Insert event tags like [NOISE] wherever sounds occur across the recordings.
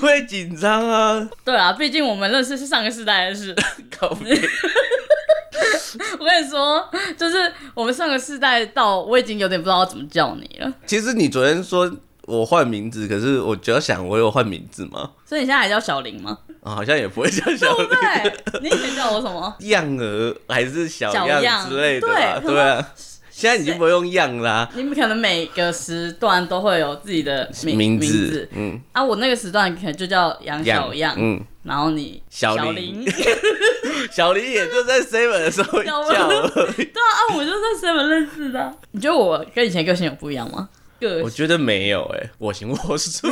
會緊張啊！對啊，畢竟我們認識是上個世代的事。搞不定， [LAUGHS] 我跟你說，就是我們上個世代到我已經有點不知道怎麼叫你了。其實你昨天說我換名字，可是我只要想，我有換名字嗎？所以你現在還叫小林嗎？啊，好像也不會叫小林。對不對，你以前叫我什麼？樣兒還是小樣，小樣之類的？對，對啊。現在你就不用樣啦、啊，你們可能每個時段都會有自己的名，名，字，名字，嗯啊，我那個時段可能就叫楊小樣，嗯，然後你小林，小林， [LAUGHS] 小林也就在 seven 的時候叫小，對啊，啊，我就在 seven 認識的、啊。你覺得我跟以前個性有不一樣嗎？個性我覺得沒有、欸，哎，我行我素，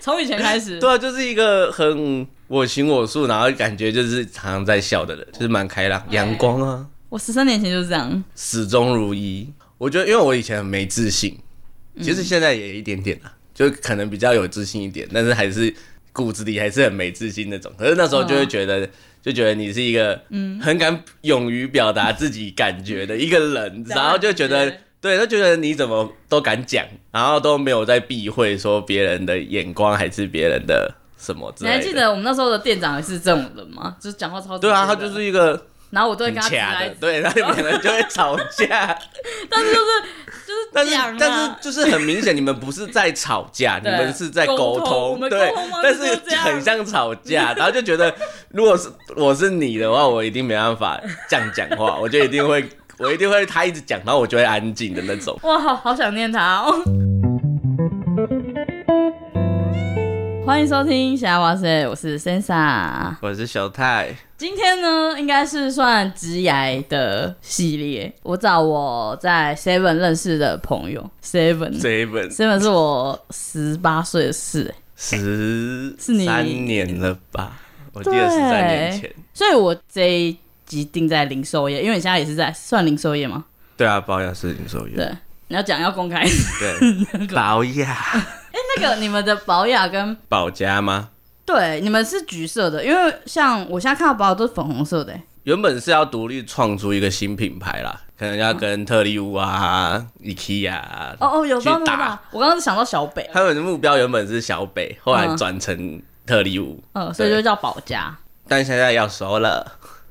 從 [LAUGHS] 以前開始，對啊，就是一個很我行我素，然後感覺就是常常在笑的人，就是蠻開朗陽、okay. 光啊。我十三年前就是這樣，始終如一。我覺得，因為我以前很沒自信，其實現在也一點點啦、嗯，就可能比較有自信一點，但是還是骨子裡還是很沒自信那種。可是那時候就會覺得，哦、就覺得你是一個很敢勇於表達自己感覺的一個人，嗯、然後就覺得、嗯對對，對，就覺得你怎麼都敢講，然後都沒有在避諱說別人的眼光還是別人的什麼的。你還記得我們那時候的店長還是這種人嗎？就是講話超對啊，他就是一個。然後我就會跟他來，對，然後你們就會吵架。 [LAUGHS] 但是就是就是，但是但是就是很明顯，你們不是在吵架， [LAUGHS] 你們是在溝通，對，對，但是很像吵架。然後就覺得，如果是我是你的話，我一定沒辦法這樣講話， [LAUGHS] 我就一定會，我一定會他一直講，然後我就會安靜的那種。哇，好，好想念他哦。歡迎收聽小哇世界，我是 Sansa，我是小泰。今天呢，應該是算職涯的系列。我找我在 Seven 認識的朋友，Seven，Seven，Seven 是我十八歲的事、欸，十三年了吧？我記得是三年前。所以，我這一集定在零售業，因為你現在也是在算零售業嘛？對啊，保養是零售業。對，你要講要公開，對，保 [LAUGHS] 養。哎、欸，那個你們的寶雅跟寶家嗎？對，你們是橘色的，因為像我現在看到寶雅都是粉紅色的。原本是要獨立創出一個新品牌啦，可能要跟特力屋啊、嗯、啊、IKEA 啊。哦哦，有這麼打？我剛剛是想到小北。他們的目標原本是小北，後來轉成特力屋，嗯、呃，所以就叫寶家。但現在要收了。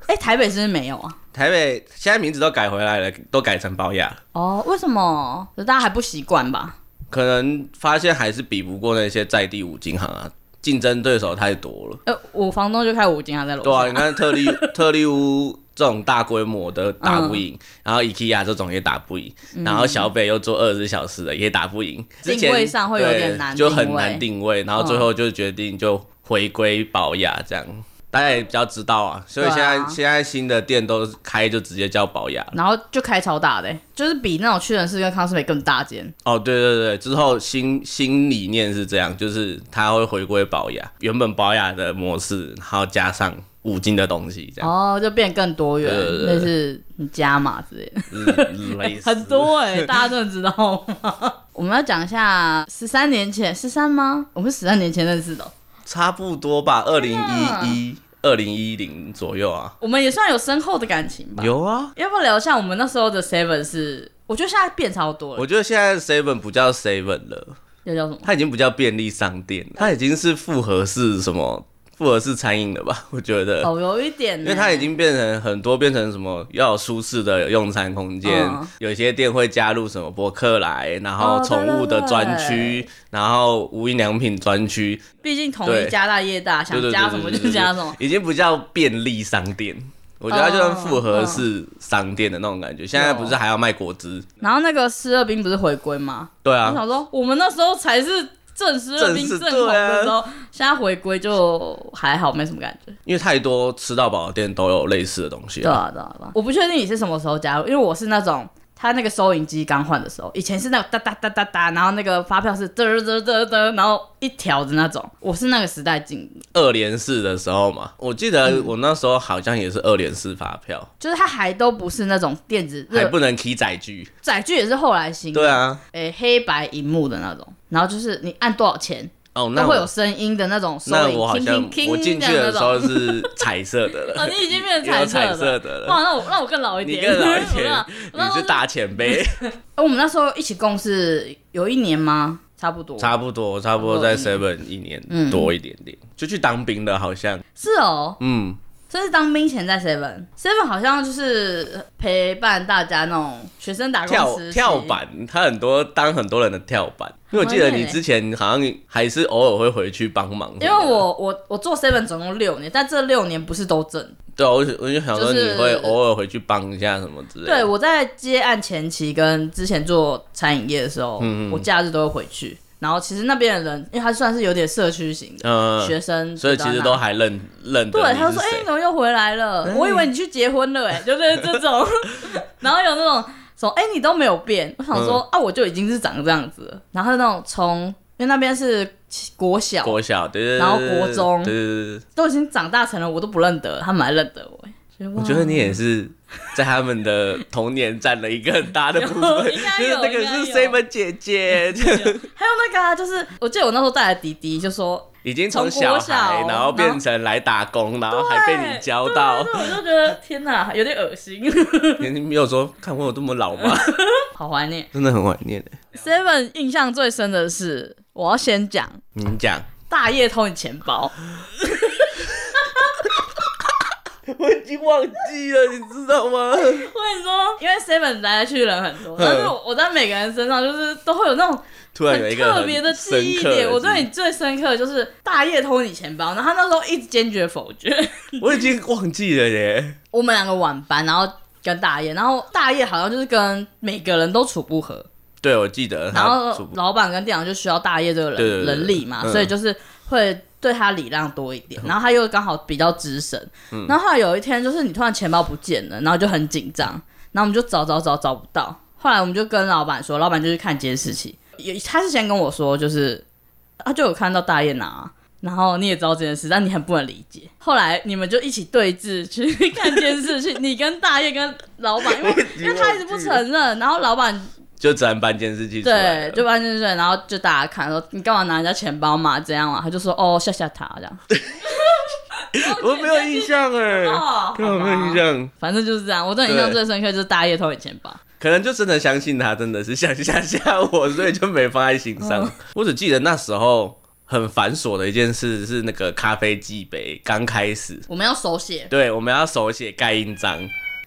哎、欸，台北是不是沒有啊？台北現在名字都改回來了，都改成寶雅。哦，為什麼？大家還不習慣吧？可能發現還是比不過那些在地五金行啊，競爭對手太多了。呃，我房東就開五金行在樓。對啊，你看特力 [LAUGHS] 特力屋這種大規模的打不贏、嗯，然後 IKEA 這種也打不贏、嗯，然後小北又做二十四小時的也打不贏，定位上會有點難，就很難定位，然後最後就決定就回歸寶雅這樣。嗯大家也比較知道啊，所以現在、啊、現在新的店都開就直接叫寶雅，然後就開超大的、欸，就是比那種屈臣氏跟康是美更大間。哦，對對對，之後新新理念是這樣，就是他會回歸寶雅，原本寶雅的模式，然後加上五金的東西這樣。哦，就變更多元，就是加碼之類，的類、 [LAUGHS] 欸，很多哎、欸， [LAUGHS] 大家真的知道嗎？ [LAUGHS] 我們要講一下十三年前，十三嗎？我們十三年前認識的、喔。差不多吧，二零一一、二零一零左右啊。我們也算有深厚的感情吧。有啊，要不要聊一下我們那時候的 Seven？是我覺得現在變超多了。我覺得現在 Seven 不叫 Seven 了，那叫什麼？它已經不叫便利商店了，它已經是複合式什麼？複合式餐飲的吧，我覺得哦，有一點，因為它已經變成很多變成什麼要有舒適的用餐空間、嗯，有些店會加入什麼博客來，然後寵物的專區、哦，然後無印良品專區。畢竟統一家大業大，想加什麼就加什麼對對對對對對。已經不叫便利商店、嗯，我覺得它就算複合式商店的那種感覺。嗯、現在不是還要賣果汁？然後那個思樂冰不是回歸嗎？對啊，我想說，我們那時候才是。正式的冰正火的時候，啊、現在回歸就還好，沒什麼感覺。因為太多吃到飽的店都有類似的東西、啊。對啊，啊、對啊。我不確定你是什麼時候加入，因為我是那種。他那個收銀機剛換的時候，以前是那個噠噠噠噠噠，然後那個發票是嘚嘚嘚噠，然後一條的那種。我是那個時代進二連四的時候嘛，我記得我那時候好像也是二連四發票，嗯，就是它還都不是那種電子，還不能提載具，載具也是後來新的。對啊。欸、黑白熒幕的那種，然後就是你按多少錢。哦，那會有聲音的那種音，那我好像我進去的時候是彩色的了， [LAUGHS] 哦，你已經變成彩色的了，哇，那我那我更老一點了，你更老一點，你是大前輩 [LAUGHS] ，哦，我們那時候一起共事有一年嗎？差不多，差不多，差不多在 seven 一年，一年多一點點，嗯，就去當兵了，好像是哦，嗯。這是當兵前在 Seven。Seven seven 好像就是陪伴大家那種學生打工跳跳板，他很多當很多人的跳板。因為我記得你之前好像還是偶爾會回去幫忙。因為我我我做 Seven 總共六年，但這六年不是都掙。對，我就我就想說你會偶爾回去幫一下什麼之類的。對，我在接案前期跟之前做餐飲業的時候，嗯嗯，我假日都會回去。然後其實那邊的人，因為他算是有點社區型的、嗯、學生，所以其實都還認認得。對，他說：“哎、欸，你怎麼又回來了？欸、我以為你去結婚了。”哎，就是這種。 [LAUGHS] 然後有那種說：“哎、欸，你都沒有變。”我想說、嗯：“啊，我就已經是長這樣子了。”然後那種從因為那邊是國小、國小，對，然後國中，對對對、對都已經長大成了，我都不認得，他們還認得我所以。我覺得你也是。在他們的童年占了一個很大的部分， [LAUGHS] 就是、那個是 Seven 姐姐，還有那個、啊、就是，我記得我那時候帶來的弟弟，就說，已經從小，小孩然後變成來打工，然後，然後還被你教到，我就覺得天哪，有點惡心，你沒有說看過，我有這麼老嗎？ [LAUGHS] 好懷念，真的很懷念誒，Seven 印象最深的是，我要先講，你講，大夜偷你錢包。 [LAUGHS] 我已經忘記了， [LAUGHS] 你知道嗎？我跟你說，因為 Seven 來來去人很多，但是我在每個人身上就是都會有那種突然一個很特別的記憶點，一個很深刻的記憶。我對你最深刻的就是大葉偷你錢包，然後他那時候一直堅決否決。我已經忘記了耶。我們兩個晚班，然後跟大葉，然後大葉好像就是跟每個人都處不合。對，我記得。然後老闆跟店長就需要大葉這個人能力嘛、嗯，所以就是會。對他禮讓多一點，然後他又剛好比較資深，嗯。然後後來有一天，就是你突然錢包不見了，然後就很緊張，然後我們就找找找找，找不到。後來我們就跟老闆說，老闆就去看監視器，也他是先跟我說，就是他，啊、就有看到大雁啊。然後你也知道這件事，但你很不能理解。後來你們就一起對峙去看監視器 [LAUGHS] 你跟大雁跟老闆，因為因為他一直不承認，然後老闆。就只能辦件事去，對，就辦件事，然後就大家看說，你幹嘛拿人家錢包嘛？這樣嘛、啊？他就說哦嚇嚇他這樣。 [LAUGHS] [LAUGHS] [LAUGHS] 我沒有印象哎，我沒有印象，哦、 [LAUGHS] 反正就是這樣。我最印象最深刻就是大夜偷你錢包，可能就真的相信他，真的是想嚇嚇我，所以就沒放在心上。 [LAUGHS] [LAUGHS] 我只記得那時候很繁瑣的一件事是那個咖啡機杯剛開始，我們要手寫，對，我們要手寫蓋印章。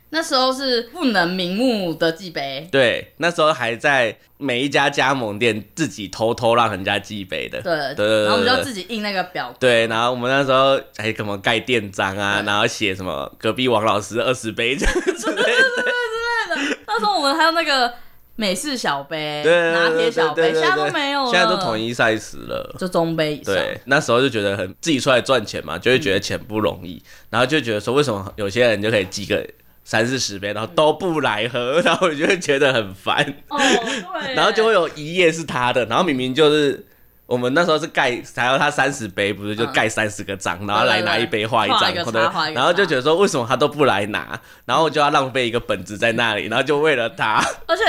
那時候是不能明目的寄碑。對，那時候還在每一家加盟店自己偷偷讓人家寄碑的，對，對，對，對，對，對，對對，對，對然後我們就要自己印那個表格。對，然後我們那時候還什麼蓋店章啊，然後寫什麼隔壁王老師二十杯之類的之類的。那時候我們還有那個美式小杯，對， [LAUGHS] 拿鐵小杯對、對、對、對、對，現在都沒有，現在都統一 s 事了，就中杯。對，那時候就覺得很自己出來賺錢嘛，就會覺得錢不容易、嗯，然後就覺得說為什麼有些人就可以寄個。三四十杯，然後都不來喝，嗯、然後我就會覺得很煩、哦。然後就會有一頁是他的，然後明明就是我們那時候是蓋，還要他三十杯，不是就蓋三十個章，然後來拿一杯畫、嗯、一張，或者然後就覺得說為什麼他都不來拿，然後我就要浪費一個本子在那裡，然後就為了他，而且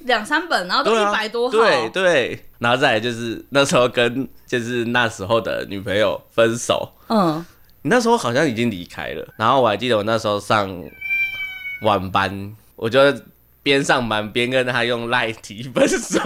兩三本，然後都一百多號。對、啊、對，對。然後再來就是那時候跟就是那時候的女朋友分手，嗯，你那時候好像已經離開了，然後我還記得我那時候上。晚班，我就邊上班邊跟他用賴提分手。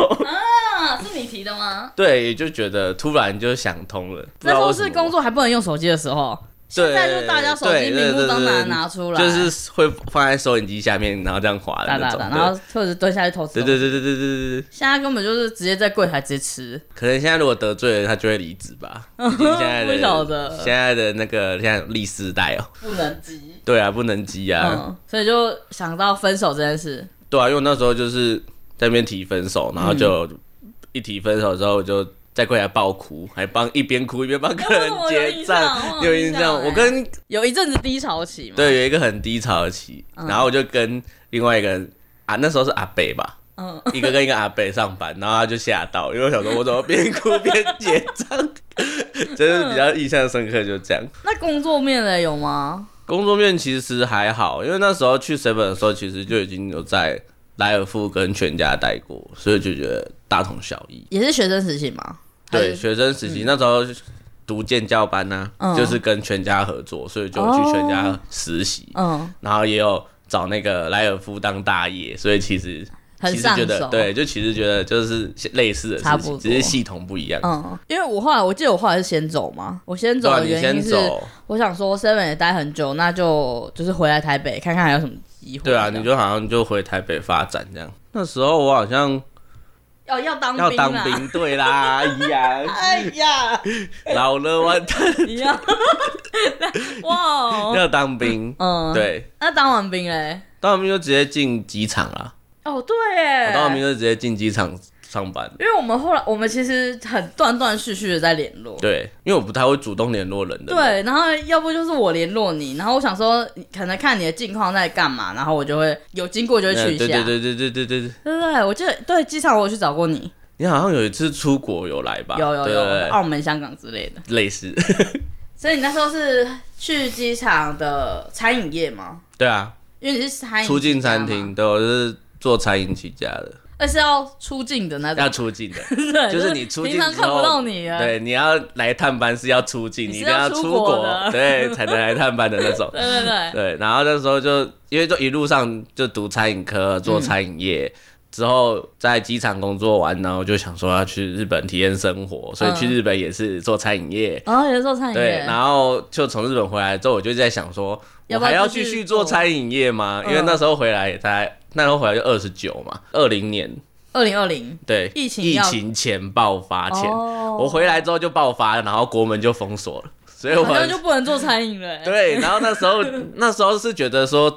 啊，是你提的嗎？對，也就覺得突然就想通了。那時候是工作還不能用手機的時候。現在就大家手機屏幕都拿拿出來，就是會放在收銀機下面，然後這樣滑的那種。大大大對，然後或者蹲下去偷吃。對對對對對對對。現在根本就是直接在櫃檯直接吃。可能現在如果得罪了他就會離職吧。 [LAUGHS] 現在的 [LAUGHS] 不曉得。現在的那個現在第四代哦、喔。不能急。對啊，不能急啊、嗯。所以就想到分手這件事。對啊，因為我那時候就是在那邊提分手，然後就一提分手之後就。嗯再過來爆哭，還幫一邊哭一邊幫客人結賬，就、哦、印象,我,象我跟有一陣子低潮期嘛，對，有一個很低潮期，嗯、然後我就跟另外一個人啊那時候是阿北吧，嗯，一個跟一個阿北上班，然後他就嚇到，因為我想說我怎麼邊哭邊結賬，真 [LAUGHS] 的比較印象深刻，就這樣、嗯。那工作面呢有嗎？工作面其實還好，因為那時候去 Seven 的時候，其實就已經有在萊爾富跟全家待過，所以就覺得大同小異，也是學生時期嗎？對學生實習、嗯、那時候讀建教班吶、啊嗯，就是跟全家合作，所以就去全家實習、哦。嗯，然後也有找那個萊爾富當大夜，所以其實很其實覺得對，就其實覺得就是類似的事情，只是系統不一樣。嗯，因為我後來我記得我後來是先走嘛，我先走的原因是、啊，你先走、我想說 seven 也待很久，那就就是回來台北看看還有什麼機會。對啊，你就好像就回台北發展這樣。那時候我好像。哦，要當要當兵，對啦，哎 [LAUGHS] 呀，哎呀，老了完蛋了，哇，要當兵，嗯，對，那、嗯啊、當完兵咧，當完兵就直接進機場了，哦，對，誒，當完兵就直接進機場。上班，因為我們後來我們其實很斷斷續續的在聯絡。對，因為我不太會主動聯絡人的。對，然後要不就是我聯絡你，然後我想說可能看你的近況在幹嘛，然後我就會有經過就會去一下。對對對對對對對對,對,對,對,對,對,對,對。我記得對機場我有去找過你。你好像有一次出國有來吧？有有有,有，對對對澳門、香港之類的。類似。 [LAUGHS] 所以你那時候是去機場的餐飲業嗎？對啊，因為你是餐飲，出境餐廳對，我是做餐飲起家的。那是要出境的那種，要出境的， [LAUGHS] 就是你出境，之後常看不到你。對，你要來探班是要出境，你一定要出國,要出國對才能來探班的那種。 [LAUGHS] 對對對。對，然後那時候就因為就一路上就讀餐飲科，做餐飲業。嗯之後在機場工作完，然後就想說要去日本體驗生活，嗯，所以去日本也是做餐飲業。哦，也是做餐飲。對，然後就從日本回來之後，我就在想說，我還要繼續做餐飲業嗎？因為那時候回來也才，嗯，那時候回來就二十九嘛，二零年，二零二零，對，疫情前爆發前，哦，我回來之後就爆發了，然後國門就封鎖了，所以我好、啊、像就不能做餐飲了、欸。對，然後那時候 [LAUGHS] 那時候是覺得說。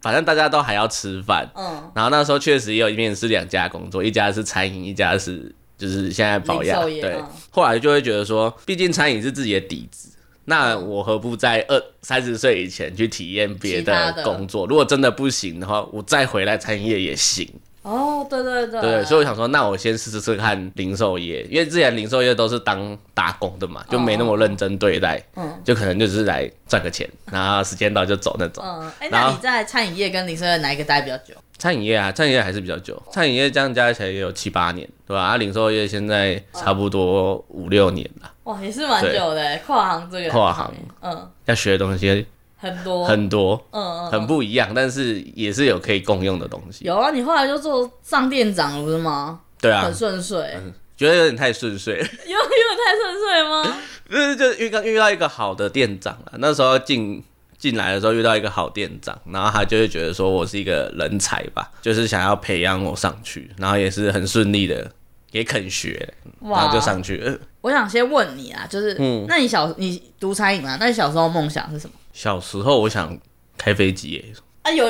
反正大家都還要吃飯，嗯，然後那時候確實也有一面是兩家工作，一家是餐飲，一家是就是現在保養，對、哦。後來就會覺得說，畢竟餐飲是自己的底子，那我何不在二三十歲以前去體驗別的工作？如果真的不行的話，我再回來餐飲業也行。哦、oh,，對對對，對，所以我想說，那我先試試試看零售業，因為之前零售業都是當打工的嘛，就沒那麼認真對待，嗯、oh,，就可能就只是來賺個錢、嗯，然後時間到就走那種，嗯，誒，那你在餐飲業跟零售業哪一個待比較久？餐飲業啊，餐飲業還是比較久，oh. 餐飲業這樣加起來也有七八年，對吧？啊，零售業現在差不多五六年了，oh. 哇，也是蠻久的，跨行這個，跨行，嗯，要學的東西。很多很多，嗯，嗯，很不一樣、嗯，但是也是有可以共用的東西。有啊，你後來就做上店長了不是嗎？對啊，很順遂、嗯，覺得有點太順遂。 [LAUGHS] 有，有點太順遂嗎？不、就是，就遇到遇到一個好的店長了。那時候進進來的時候遇到一個好店長，然後他就會覺得說我是一個人才吧，就是想要培養我上去，然後也是很順利的，也肯學，然後就上去了。我想先問你啊，就是，嗯，那你小你讀餐飲嘛？那你小時候夢想是什麼？小時候我想開飛機誒，啊、哎、有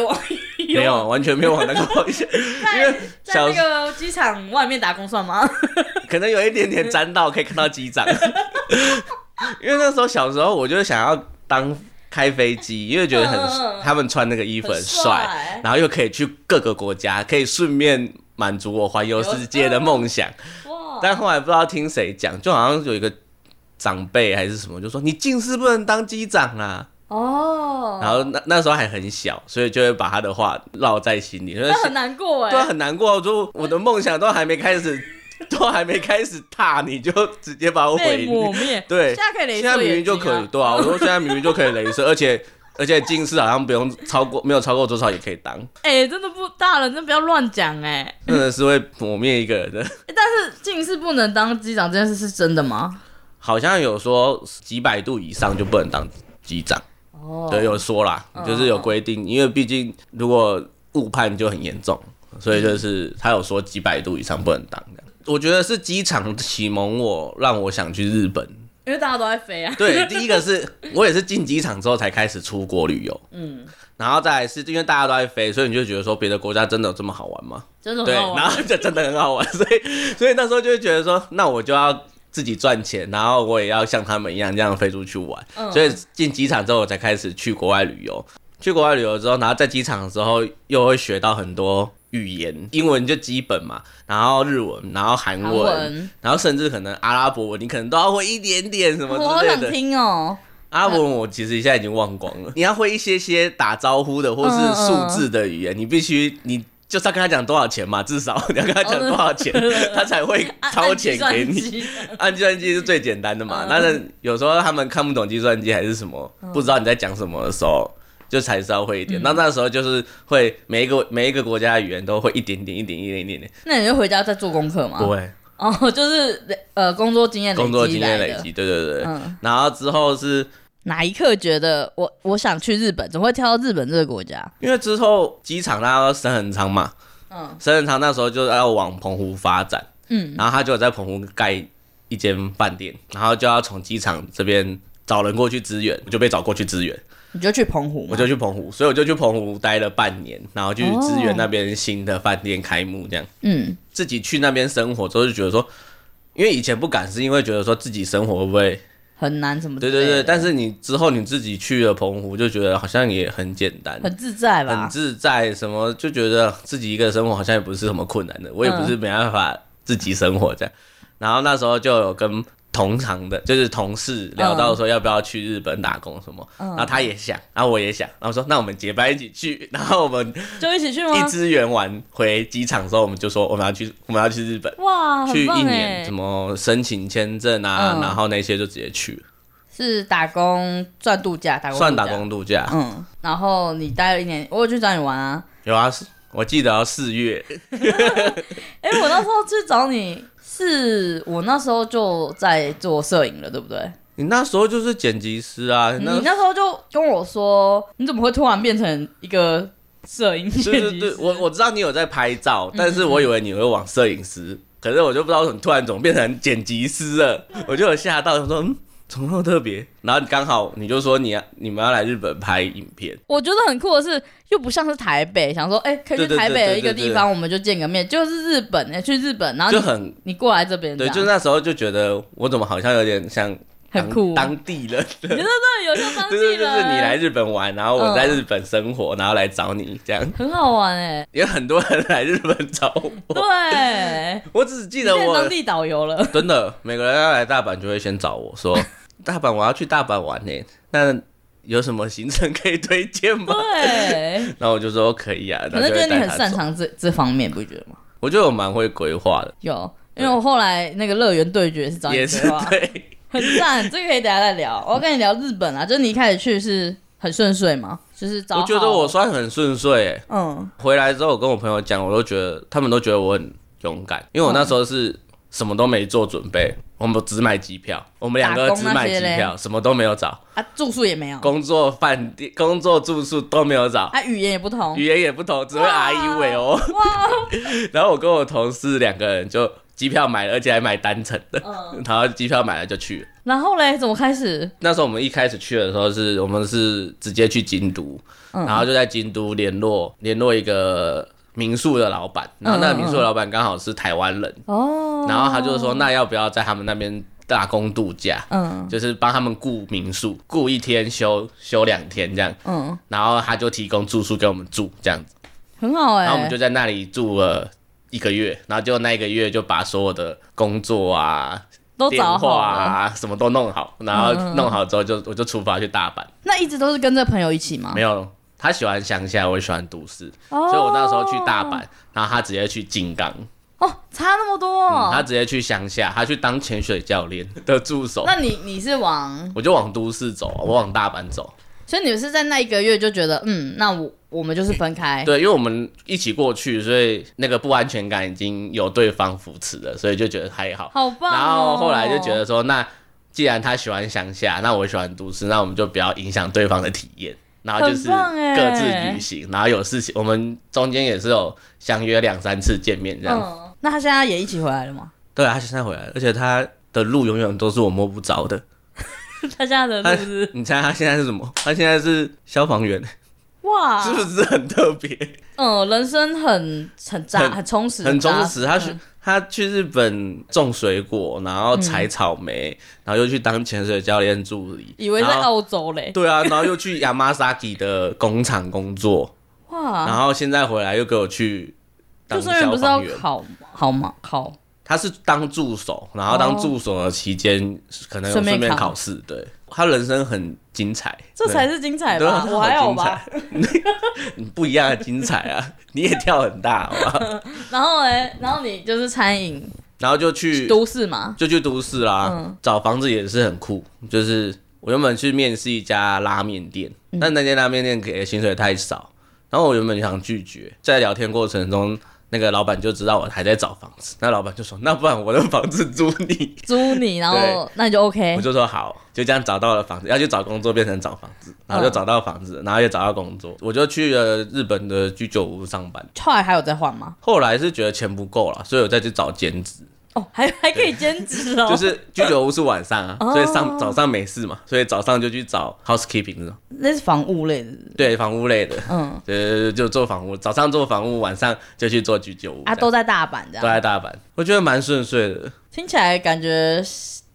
有沒有完全沒有往那個方向， [LAUGHS] 因為小時候在那個機場外面打工算嗎？可能有一點點沾到，可以看到機長。 [LAUGHS] 因為那時候小時候我就想要當開飛機， [LAUGHS] 因為覺得很、嗯、他們穿那個衣服很帥、欸，然後又可以去各個國家，可以順便滿足我環遊世界的夢想、嗯嗯。但後來不知道聽誰講，就好像有一個長輩還是什麼，就說你近視不能當機長啊。哦、oh.，然後那那時候還很小，所以就會把他的話烙在心裡，都很難過哎、欸，都、啊、很難過。我我的夢想都還沒開始， [LAUGHS] 都還沒開始踏，你就直接把我毀滅。對，現在可以雷射、啊，現在明明就可以，對啊。我說現在明明就可以雷射， [LAUGHS] 而且而且近視好像不用超過，沒有超過多少也可以當。哎、欸，真的不，大人，真的不要亂講哎。真的是會抹滅一個人的、欸。但是近視不能當機長這件事是真的嗎？好像有說幾百度以上就不能當機長。對，有說啦，就是有規定，oh, oh, oh. 因為畢竟如果誤判就很嚴重，所以就是他有說幾百度以上不能當的。我覺得是機場啟蒙我，讓我想去日本，因為大家都在飛啊。對，第一個是 [LAUGHS] 我也是進機場之後才開始出國旅遊，嗯，然後再來是因為大家都在飛，所以你就覺得說別的國家真的有這麼好玩嗎？真的很好玩。對， [LAUGHS] 然後就真的很好玩，所以所以那時候就會覺得說，那我就要。自己賺錢，然後我也要像他們一樣這樣飛出去玩。嗯、所以進機場之後，我才開始去國外旅遊。去國外旅遊之後，然後在機場的時候，又會學到很多語言，英文就基本嘛，然後日文，然後韓文，韓文，然後甚至可能阿拉伯文，你可能都要會一點點什麼之類的。我聽哦！阿拉伯文我其實現在已經忘光了。你要會一些些打招呼的，或是數字的語言，嗯嗯，你必須你。就要跟他講多少錢嘛，至少你要跟他講多少錢，哦、 [LAUGHS] 他才會掏錢給你。按計算機、啊、是最簡單的嘛、嗯，但是有時候他們看不懂計算機還是什麼、嗯，不知道你在講什麼的時候，就才稍微一點。那、嗯、那時候就是會每一個每一個國家語言都會一點點一,點一點一點一點。那你就回家再做功課嘛。對。哦，就是呃工作經驗累積工作經驗累積，對對對，對、嗯。然後之後是。哪一刻覺得我我想去日本，怎麼會挑到日本這個國家？因為之後機場大家都昇恆昌嘛，嗯，昇恆昌，那時候就是要往澎湖發展，嗯，然後他就在澎湖蓋一間飯店，然後就要從機場這邊找人過去支援，我就被找過去支援，你就去澎湖，我就去澎湖，所以我就去澎湖待了半年，然後去支援那邊新的飯店開幕，這樣，嗯、哦，自己去那邊生活之後就覺得說，因為以前不敢，是因為覺得說自己生活會不會。很難什麼？對對對，但是你之後你自己去了澎湖，就覺得好像也很簡單，很自在吧？很自在，什麼就覺得自己一個人生活好像也不是什麼困難的，我也不是沒辦法自己生活這樣。嗯，然後那時候就有跟。同行的，就是同事，聊到說要不要去日本打工什麼、嗯，然後他也想，然後我也想，然後說那我們結伴一起去，然後我們就一起去玩。一支援完回機場的時候，我們就說我們要去，我們要去日本，哇，去一年，什麼申請簽證啊、嗯，然後那些就直接去了是打工賺度假，打工算打工度假，嗯，然後你待了一年，我有去找你玩啊，有啊，我記得要四月，哎 [LAUGHS] [LAUGHS] 欸，我那時候去找你。是我那時候就在做攝影了，對不對？你那時候就是剪輯師啊，那你那時候就跟我說，你怎麼會突然變成一個攝影師？對對對，我我知道你有在拍照，但是我以為你會往攝影師嗯嗯，可是我就不知道怎麼突然怎麼變成剪輯師了，我就有嚇到，說。嗯從後特別，然後你剛好你就說你要，你們要來日本拍影片，我覺得很酷的是又不像是台北，想說哎，欸、可以去台北的一個地方。對對對對對對，我們就見個面，就是日本呢、欸，去日本，然後就很你過來這邊，對，就那時候就覺得我怎麼好像有點像。很酷，當地人，對這對，有些當地 [LAUGHS] 就,是就是你來日本玩，然後我在日本生活，嗯、然後來找你這樣，很好玩哎，有很多人來日本找我，對，我只記得我當地導遊了，真的，每個人要來大阪就會先找我說， [LAUGHS] 大阪我要去大阪玩哎，那有什麼行程可以推薦嗎？對，然後我就說可以啊，就反正覺得你很擅長這這方面不覺得嗎？我覺得我蠻會規劃的，有，因為我後來那個樂園對決也是找你規劃對,也是對很贊，這個可以等下再聊。 [LAUGHS] 我要跟你聊日本啊，就是你一開始去是很順遂嗎？就是找。我覺得我算很順遂。嗯，回來之後我跟我朋友講，我都覺得他們都覺得我很勇敢，因為我那時候是什麼都沒做準備，我們只買機票，我們兩個只買機票，什麼都沒有找啊，住宿也沒有，工作飯店、工作住宿都沒有找啊，語言也不同，語言也不同，只會阿一偉哦。哇， [LAUGHS] 然後我跟我同事兩個人就。機票買了，而且還買單程的、嗯，然後機票買了就去了。然後呢，怎麼開始？那時候我們一開始去的時候是，是我們是直接去京都，嗯、然後就在京都聯絡聯絡一個民宿的老板，然後那個民宿的老板剛好是台灣人，哦、嗯，然後他就說，那要不要在他們那邊打工度假？嗯，就是幫他們顧民宿，顧一天休休兩天這樣、嗯，然後他就提供住宿給我們住，這樣子很好哎、欸，然後我們就在那裡住了。一個月，然後就那一個月就把所有的工作啊都找、電話啊、什麼都弄好，然後弄好之後就、嗯、我就出發去大阪。那一直都是跟着朋友一起嗎？沒有，他喜歡鄉下，我也喜歡都市、哦，所以我那時候去大阪，然後他直接去金剛。哦，差那麼多！嗯、他直接去鄉下，他去當潛水教練的助手。那你你是往我就往都市走，我往大阪走。嗯、所以你是在那一個月就覺得，嗯，那我。我們就是分開，對，因為我們一起過去，所以那個不安全感已經有對方扶持了，所以就覺得他也好。好棒、哦！然後後來就覺得說，那既然他喜歡鄉下，那我喜歡都市，那我們就不要影響對方的體驗，然後就是各自旅行。然後有事情，我們中間也是有相約兩三次見面這樣。嗯。那他現在也一起回來了嗎？對啊，他現在回來了，而且他的路永遠都是我摸不着的。 [LAUGHS] 他現在的，路是？你猜他現在是什麼？他現在是消防員。哇，是不是很特別？嗯，人生很很扎，很充實，很實很，很充實。他去他去日本種水果，然後採草莓、嗯，然後又去當潛水教練助理。以為在澳洲嘞？對啊，然後又去 Yamasaki 的工廠工作。哇！然後現在回來又給我去，就是不是要考嗎？考嗎？考。他是當助手，然後當助手的期間、哦、可能有順便考試。對。他人生很精彩，這才是精彩嗎？我還有吧？精彩 [LAUGHS] [LAUGHS] 你不一樣的精彩啊！ [LAUGHS] 你也跳很大好不好，好吧？然後呢、欸？然後你就是餐飲，然後就去，去都市嘛，就去都市啦、嗯。找房子也是很酷。就是我原本去面試一家拉麵店、嗯，但那家拉麵店給的薪水太少，然後我原本想拒絕。在聊天過程中。那個老闆就知道我還在找房子，那老闆就說：“那不然我的房子租你，租你，然後那你就 OK。”我就說：“好，就這樣找到了房子，要去找工作變成找房子，然後就找到房子，哦，然後也找到工作，我就去了日本的居酒屋上班。後來還有在換嗎？後來是覺得錢不夠了，所以我再去找兼職。”哦、還，還可以兼職哦，就是居酒屋是晚上啊， [LAUGHS] 所以上早上沒事嘛，所以早上就去找 housekeeping 那種，那是房屋類的是不是？對，房屋類的，嗯，呃，就做房屋，早上做房屋，晚上就去做居酒屋啊，都在大阪的，都在大阪，我覺得蠻順遂的，聽起來感覺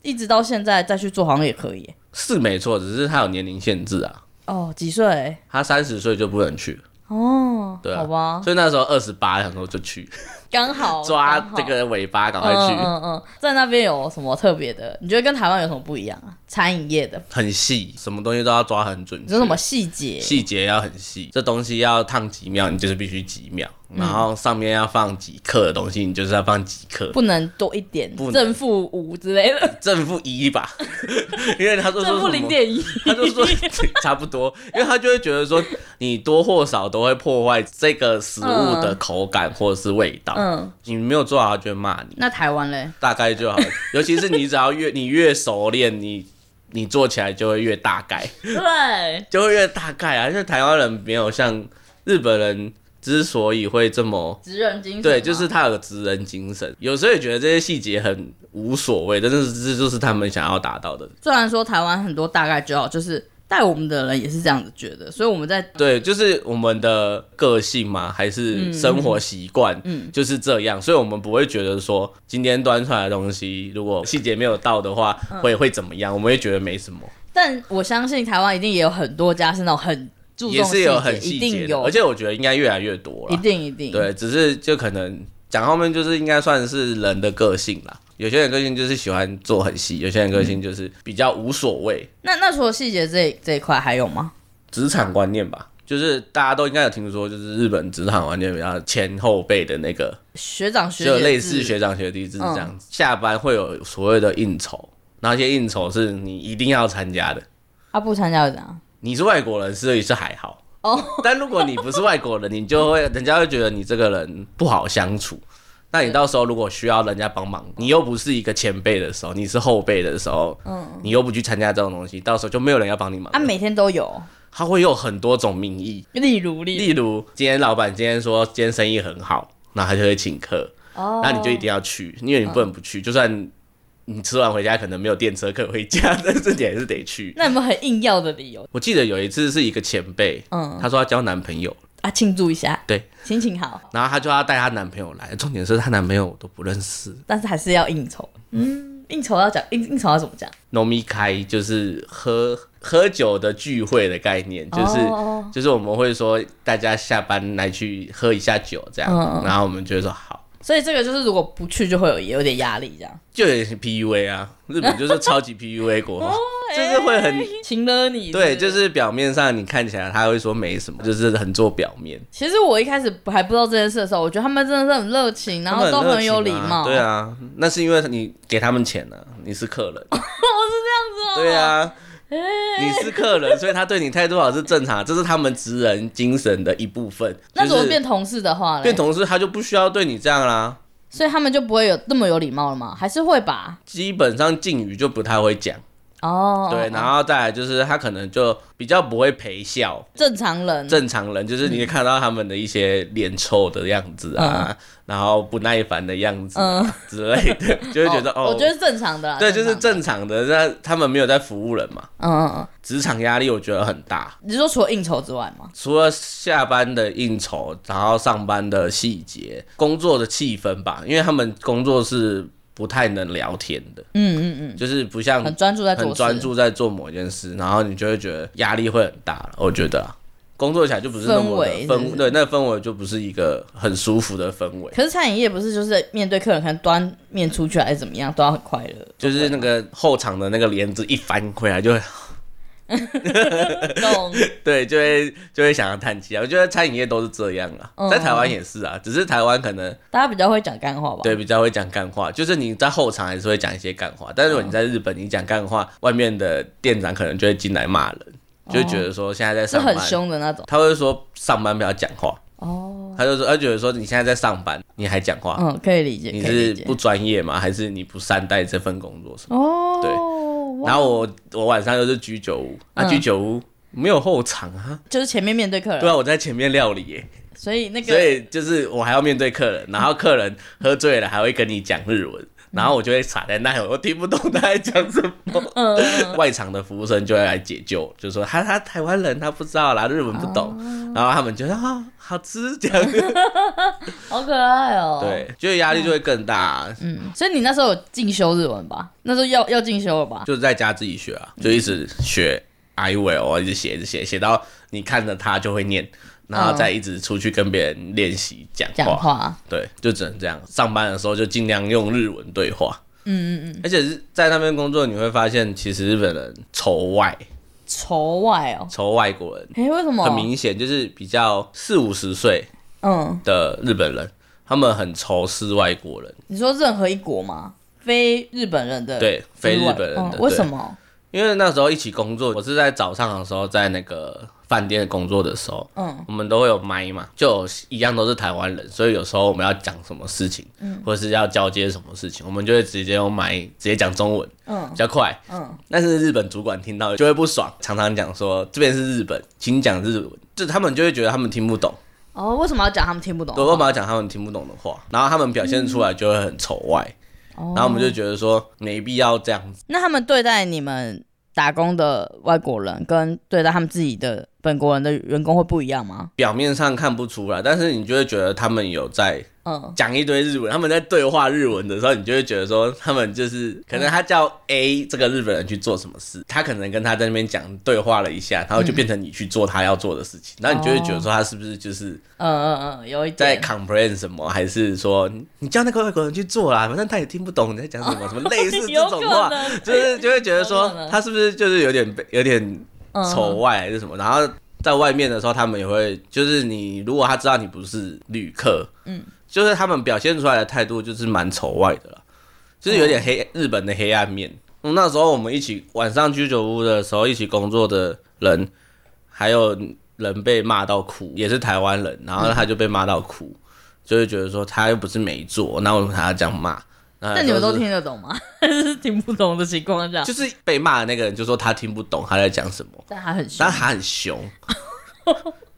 一直到現在再去做好像也可以，是沒錯，只是他有年齡限制啊，哦，幾歲？他三十歲就不能去，哦，對、啊、好吧，所以那時候二十八，想說就去。剛好抓這個尾巴，趕快去。嗯嗯，嗯，在那邊有什麼特別的？你覺得跟台灣有什麼不一樣啊？餐飲業的很細，什麼東西都要抓很準，是什麼細節？細節要很細，這東西要燙幾秒，你就是必須幾秒，嗯。然後上面要放幾克的東西，你就是要放幾克，不能多一點，不能正負五之類的，正負一吧。 [LAUGHS] 因為他說正負零點一，他就說差不多，因為他就會覺得說你多或少都會破壞這個食物的口感或者是味道。嗯嗯，你沒有做好，他就會罵你。那台灣嘞，大概就好，尤其是你只要越你越熟練，你你做起來就會越大概，對， [LAUGHS] 就會越大概啊。因為台灣人沒有像日本人，之所以會這麼職人精神，對，就是他有個職人精神，有時候也覺得這些細節很無所謂，但是這就是他們想要達到的。雖然說台灣很多大概就好，就是。愛我們的人也是這樣子覺得，所以我們在對、嗯，就是我們的個性嘛，還是生活習慣，嗯，就是這樣、嗯嗯，所以我們不會覺得說今天端出來的東西，如果細節沒有到的話，嗯、會會怎麼樣？我們會覺得沒什麼。但我相信台灣一定也有很多家是那種很注重的，也是有很細節，一定有，而且我覺得應該越來越多了，一定一定，對，只是就可能講後面就是應該算是人的個性啦。有些人個性就是喜歡做很細，有些人個性就是比較無所謂。那那除了細節這這一塊還有嗎？職場觀念吧，就是大家都應該有聽說，就是日本職場觀念比較前後輩的那個學長學姐，就類似學長學弟制這樣子、嗯。下班會有所謂的應酬，那些應酬是你一定要參加的。他、啊、不參加又怎樣？你是外國人，所以是還好。哦，但如果你不是外國人，你就會 [LAUGHS] 人家會覺得你這個人不好相處。那你到時候如果需要人家幫忙，你又不是一個前輩的時候，你是後輩的時候，嗯，你又不去參加這種東西，到時候就沒有人要幫你忙。他、啊、每天都有，他會有很多種名義，例如例如，例如今天老闆今天說今天生意很好，那他就會請客，哦，那你就一定要去，因為你不能不去，嗯，就算你吃完回家可能沒有電車可以回家，但是自己還是得去。那有沒有很硬要的理由？我記得有一次是一個前輩，嗯，他說他交男朋友。啊，慶祝一下，對，心情，情好。然後她就要帶她男朋友來，重點是她男朋友我都不認識，但是還是要應酬。嗯，應酬要講，應應酬要怎麼講？飲み會就是喝喝酒的聚會的概念，就是、哦、就是我們會說大家下班來去喝一下酒這樣，哦、然後我們就會說好。所以這個就是，如果不去就會有有點壓力，這樣就有點是 P U A 啊，日本就是超級 P U A [LAUGHS] 國，就、oh, 是會很親熱你。對，你是是，就是表面上你看起來，他會說沒什麼，就是很做表面。其實我一開始還不知道這件事的時候，我覺得他們真的是很熱情，然後都很有禮貌啊。對啊，那是因為你給他們錢了啊，你是客人。哦， [LAUGHS] 是這樣子哦。對啊。 [LAUGHS] 你是客人，所以他對你態度好是正常，這是他們職人精神的一部分。那如果變同事的話呢？變同事他就不需要對你這樣啦、啊，所以他們就不會有那麼有禮貌了嗎？還是會吧？基本上敬語就不太會講。Oh, 哦，對，然後再來就是他可能就比較不會陪笑，正常人，正常人就是你看到他們的一些臉臭的樣子啊、嗯，然後不耐煩的樣子、啊嗯、之類的，就會覺得哦，哦，我覺得正常的，對，就是正常的，那他們沒有在服務人嘛，嗯嗯嗯，職場壓力我覺得很大，你說除了應酬之外嗎？除了下班的應酬，然後上班的細節、工作的氣氛吧，因為他們工作是。不太能聊天的，嗯嗯嗯，就是不像很專注在做，很專注在做某一件事，然後你就會覺得壓力會很大。嗯，我覺得啊，工作起來就不是那麼的氛，是是，對，那氛圍就不是一個很舒服的氛圍。可是餐飲業不是就是面對客人，看端麵出去還是怎麼樣，都要很快樂，就是那個後場的那個簾子一翻回來就。 [LAUGHS] 懂， [LAUGHS] [LAUGHS] 對，就會就會想要嘆氣啊。我覺得餐飲業都是這樣啊，嗯、在台灣也是啊，只是台灣可能大家比較會講幹話吧。對，比較會講幹話，就是你在後場還是會講一些幹話。但是如果你在日本你講幹，你講幹話，外面的店長可能就會進來罵人，嗯，就覺得說現在在上班是很兇的那種。他會說上班不要講話哦，他就說，他覺得說你現在在上班，你還講話，嗯，可以理解，你是不專業嗎？還是你不善待這份工作什麼？哦，對。然後我我晚上又是居酒屋、嗯、啊，居酒屋沒有後場啊，就是前面面對客人。對啊，我在前面料理耶。所以那個，所以就是我還要面對客人，然後客人喝醉了還會跟你講日文。 [LAUGHS] [LAUGHS] 嗯、然後我就會傻在那裡，我聽不懂他在講什麼、嗯。外場的服務生就會來解救，就說他他台灣人他不知道啦，然後日文不懂、啊。然後他們就說、哦、好吃，這樣子。好可愛哦。對，覺得壓力就會更大嗯。嗯，所以你那時候有進修日文吧？那時候要要進修了吧？就是在家自己學啊，就一直學、嗯、I will，一直寫一直寫，寫到你看着他就會念。然後再一直出去跟別人練習講話，對，就只能這樣。上班的時候就盡量用日文對話。嗯嗯嗯。而且是在那邊工作，你會發現其實日本人仇外，仇外哦、喔，仇外國人。哎、欸，為什麼？很明顯就是比較四五十歲，嗯的日本人，嗯、他們很仇視外國人。你說任何一國嗎？非日本人的，對，非日本人的，嗯、為什麼？因為那時候一起工作，我是在早上的時候在那個飯店工作的時候，嗯，我們都會有麥嘛，就一樣都是台灣人，所以有時候我們要講什麼事情，嗯，或是要交接什麼事情，我們就會直接用麥直接講中文，嗯，比較快，嗯，但是日本主管聽到就會不爽，常常講說這邊是日本，請你講日文，就他們就會覺得他們聽不懂，哦，為什麼要講他們聽不懂？對，為什麼要講他們聽不懂的話？然後他們表現出來就會很醜外。嗯然後我們就覺得說沒必要這樣子。哦，那他們對待你們打工的外國人，跟對待他們自己的本國人的員工會不一樣嗎？表面上看不出來，但是你就會覺得他們有在。講 [MUSIC] 一堆日文，他們在對話日文的時候，你就會覺得說，他們就是可能他叫 A、嗯、這個日本人去做什麼事，他可能跟他在那邊講對話了一下，然後就變成你去做他要做的事情，嗯、然後你就會覺得說，他是不是就是嗯嗯嗯，有一點在 complain 什麼，還是說你叫那個外國人去做啦、啊，反正他也聽不懂你在講什麼，什麼類似這種話，就是就會覺得說，他是不是就是有點有點醜外還是什麼嗯嗯。然後在外面的時候，他們也會就是你如果他知道你不是旅客，嗯就是他們表現出來的態度就是蠻仇外的，就是有點黑、嗯、日本的黑暗面、嗯。那時候我們一起晚上居酒屋的時候一起工作的人，還有人被罵到哭，也是台灣人，然後他就被罵到哭，嗯、就會、是、覺得說他又不是沒做，那我們還要這樣罵。那你們都聽得懂嗎？還是聽不懂的情況下，就是被罵的那個人就說他聽不懂他在講什麼，但他很，但他很凶。 [LAUGHS]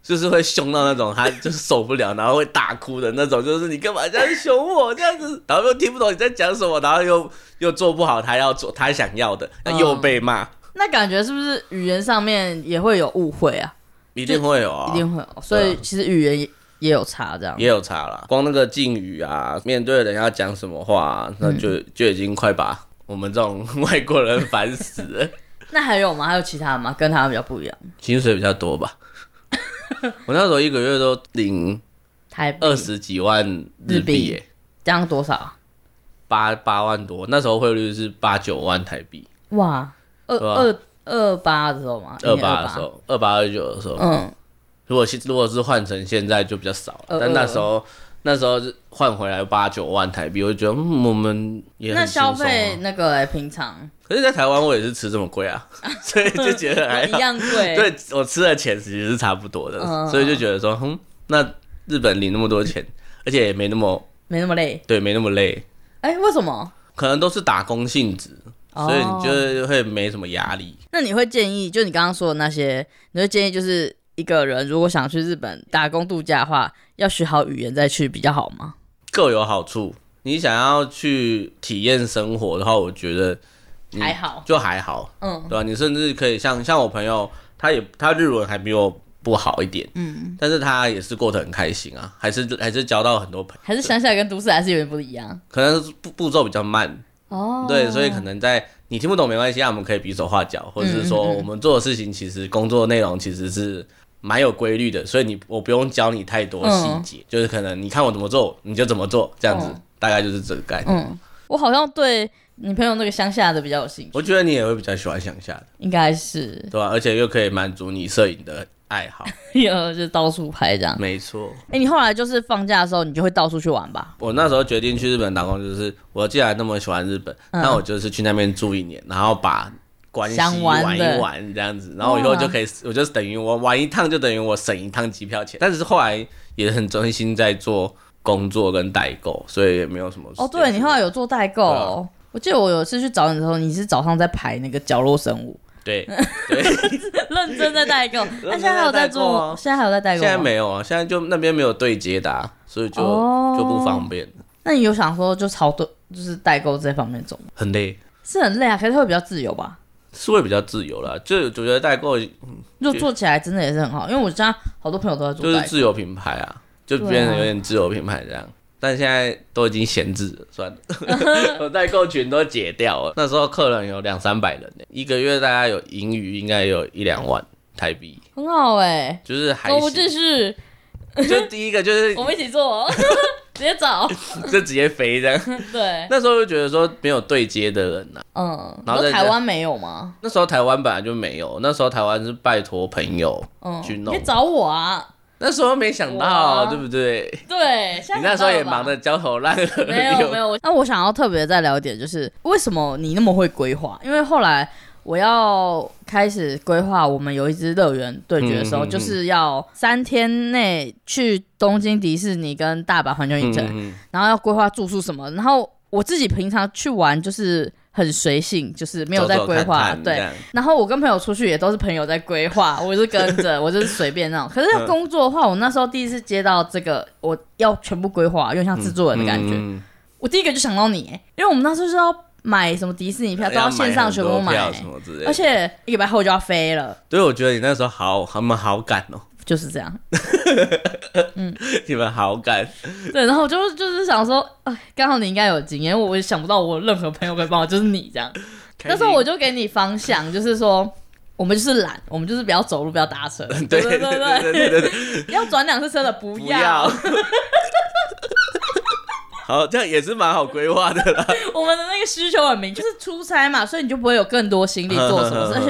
就是會凶到那種，他就是受不了，然後會大哭的那種。就是你幹嘛這樣凶我這樣子，然後又聽不懂你在講什麼，然後又又做不好他要做他想要的，那又被罵、嗯。那感覺是不是語言上面也會有誤會啊？一定會有、哦，啊，一定會有、哦。所以其實語言也有差，這樣、啊、也有差啦。光那個敬語啊，面對人要講什麼話、啊，那就、嗯、就已經快把我們這種外國人煩死了。 [LAUGHS] 那還有嗎？還有其他嗎？跟他比較不一樣？薪水比較多吧。我那時候一個月都領二十幾萬日幣，耶，台幣日幣這樣多少？八八萬多，那時候匯率是八九萬台幣。哇，二二二八的時候嗎？二八的時候，二八二九的時候。嗯，如果如果是換成現在就比較少了，二二但那時候。那時候是換回來八九萬台幣，我就覺得我們也很、啊、那消費那個、欸、平常，可是在台灣我也是吃這麼貴啊， [LAUGHS] 所以就覺得還一樣貴。 [LAUGHS] 對，我吃的錢其實是差不多的、嗯，所以就覺得說，哼、嗯，那日本領那麼多錢，嗯、而且也沒那麼沒那麼累。對，沒那麼累。哎、欸，為什麼？可能都是打工性質，所以你就會沒什麼壓力、哦。那你會建議，就你剛剛說的那些，你會建議就是。一個人如果想去日本打工度假的話，要學好語言再去比較好嗎？各有好處。你想要去體驗生活的話，我覺得還好，就還好。嗯，對吧、啊？你甚至可以像像我朋友，他也他日文還比我不好一點，嗯，但是他也是過得很開心啊，還是還是交到很多朋友。還是鄉下跟都市還是有點不一樣，可能是步步驟比較慢哦。對，所以可能在你聽不懂沒關係、啊，我們可以比手畫腳，或者是說我們做的事情，其實嗯嗯工作內容其實是。蠻有規律的，所以你我不用教你太多細節、嗯，就是可能你看我怎麼做，你就怎麼做，這樣子、嗯、大概就是這個概念。嗯，我好像對你朋友那個鄉下的比較有興趣，我覺得你也會比較喜歡鄉下的，應該是，對吧、啊？而且又可以滿足你攝影的愛好， [LAUGHS] 有就到處拍這樣。沒錯。誒、欸，你後來就是放假的時候，你就會到處去玩吧？我那時候決定去日本打工，就是我既然那麼喜歡日本，嗯、那我就是去那邊住一年，然後把。想玩關玩一玩這樣子，然後以後就可以，我就等於我玩一趟就等於我省一趟機票錢。但是後來也很專心在做工作跟代購，所以也沒有什麼,什麼。哦，對，你後來有做代購、哦啊，我記得我有一次去找你的時候，你是早上在排那個角落生物。對對， [LAUGHS] [LAUGHS] 認真在代購。那 [LAUGHS] 現在還有在做？現在還有在代購？現在沒有啊，現在就那邊沒有對接的、啊，所以就、哦、就不方便。那你有想說就朝多，就是代購這方面走？很累，是很累啊，可是會比較自由吧？是會比較自由啦、啊，就我覺得代購、嗯，就做起來真的也是很好，因為我家好多朋友都在做，就是自有品牌啊，就變成有點自有品牌這樣，啊、但現在都已經閒置了，算了， [LAUGHS] 我代購群都解掉了。 [LAUGHS] 那時候客人有兩三百人，欸，一個月大概有盈餘，應該有一兩萬台幣，很好哎、欸，就是還是、就是，就第一個就是 [LAUGHS] 我們一起做。哦。 [LAUGHS] 直接走，就直接飛這樣。 [LAUGHS] 對，那時候就覺得說沒有對接的人吶、啊。嗯，然後台灣沒有嗎？那時候台灣本來就沒有，那時候台灣是拜託朋友、嗯、去弄。你找我啊？那時候沒想到，啊、對不對？對，你那時候也忙得焦頭爛額。沒有沒有， [LAUGHS] 那我想要特別再聊一點，就是為什麼你那麼會規劃？因為後來。我要開始規劃，我們有一支樂園對決的時候，嗯、哼哼就是要三天內去東京迪士尼跟大阪環球影城，嗯、然後要規劃住宿什麼。然後我自己平常去玩就是很隨性，就是沒有在規劃。對，然後我跟朋友出去也都是朋友在規劃， [LAUGHS] 我就跟着，我就是隨便那種。可是要工作的話，我那時候第一次接到這個，我要全部規劃，有點像製作人的感覺、嗯，我第一個就想到你、欸，因為我們那時候是要。買什麼迪士尼票都要線上全部買，、欸買，而且一個禮拜後就要飛了。對，我覺得你那時候好，你們好趕哦、喔。就是這樣。 [LAUGHS] 嗯，你們好趕對，然後我就就是想說，剛好你應該有經驗，我也想不到我任何朋友可以幫我，就是你這樣。那時候我就給你方向，就是說我們就是懶，我們就是不要走路，不要搭車。 [LAUGHS] 對，對，對，對，對， [LAUGHS] 對對對對對對，要轉兩次車的不要。 [LAUGHS] 好，這樣也是蠻好規劃的啦。 [LAUGHS] 我們的那個需求很明確，就是出差嘛，所以你就不會有更多行李做什麼事、 [LAUGHS] 嗯嗯嗯嗯嗯，而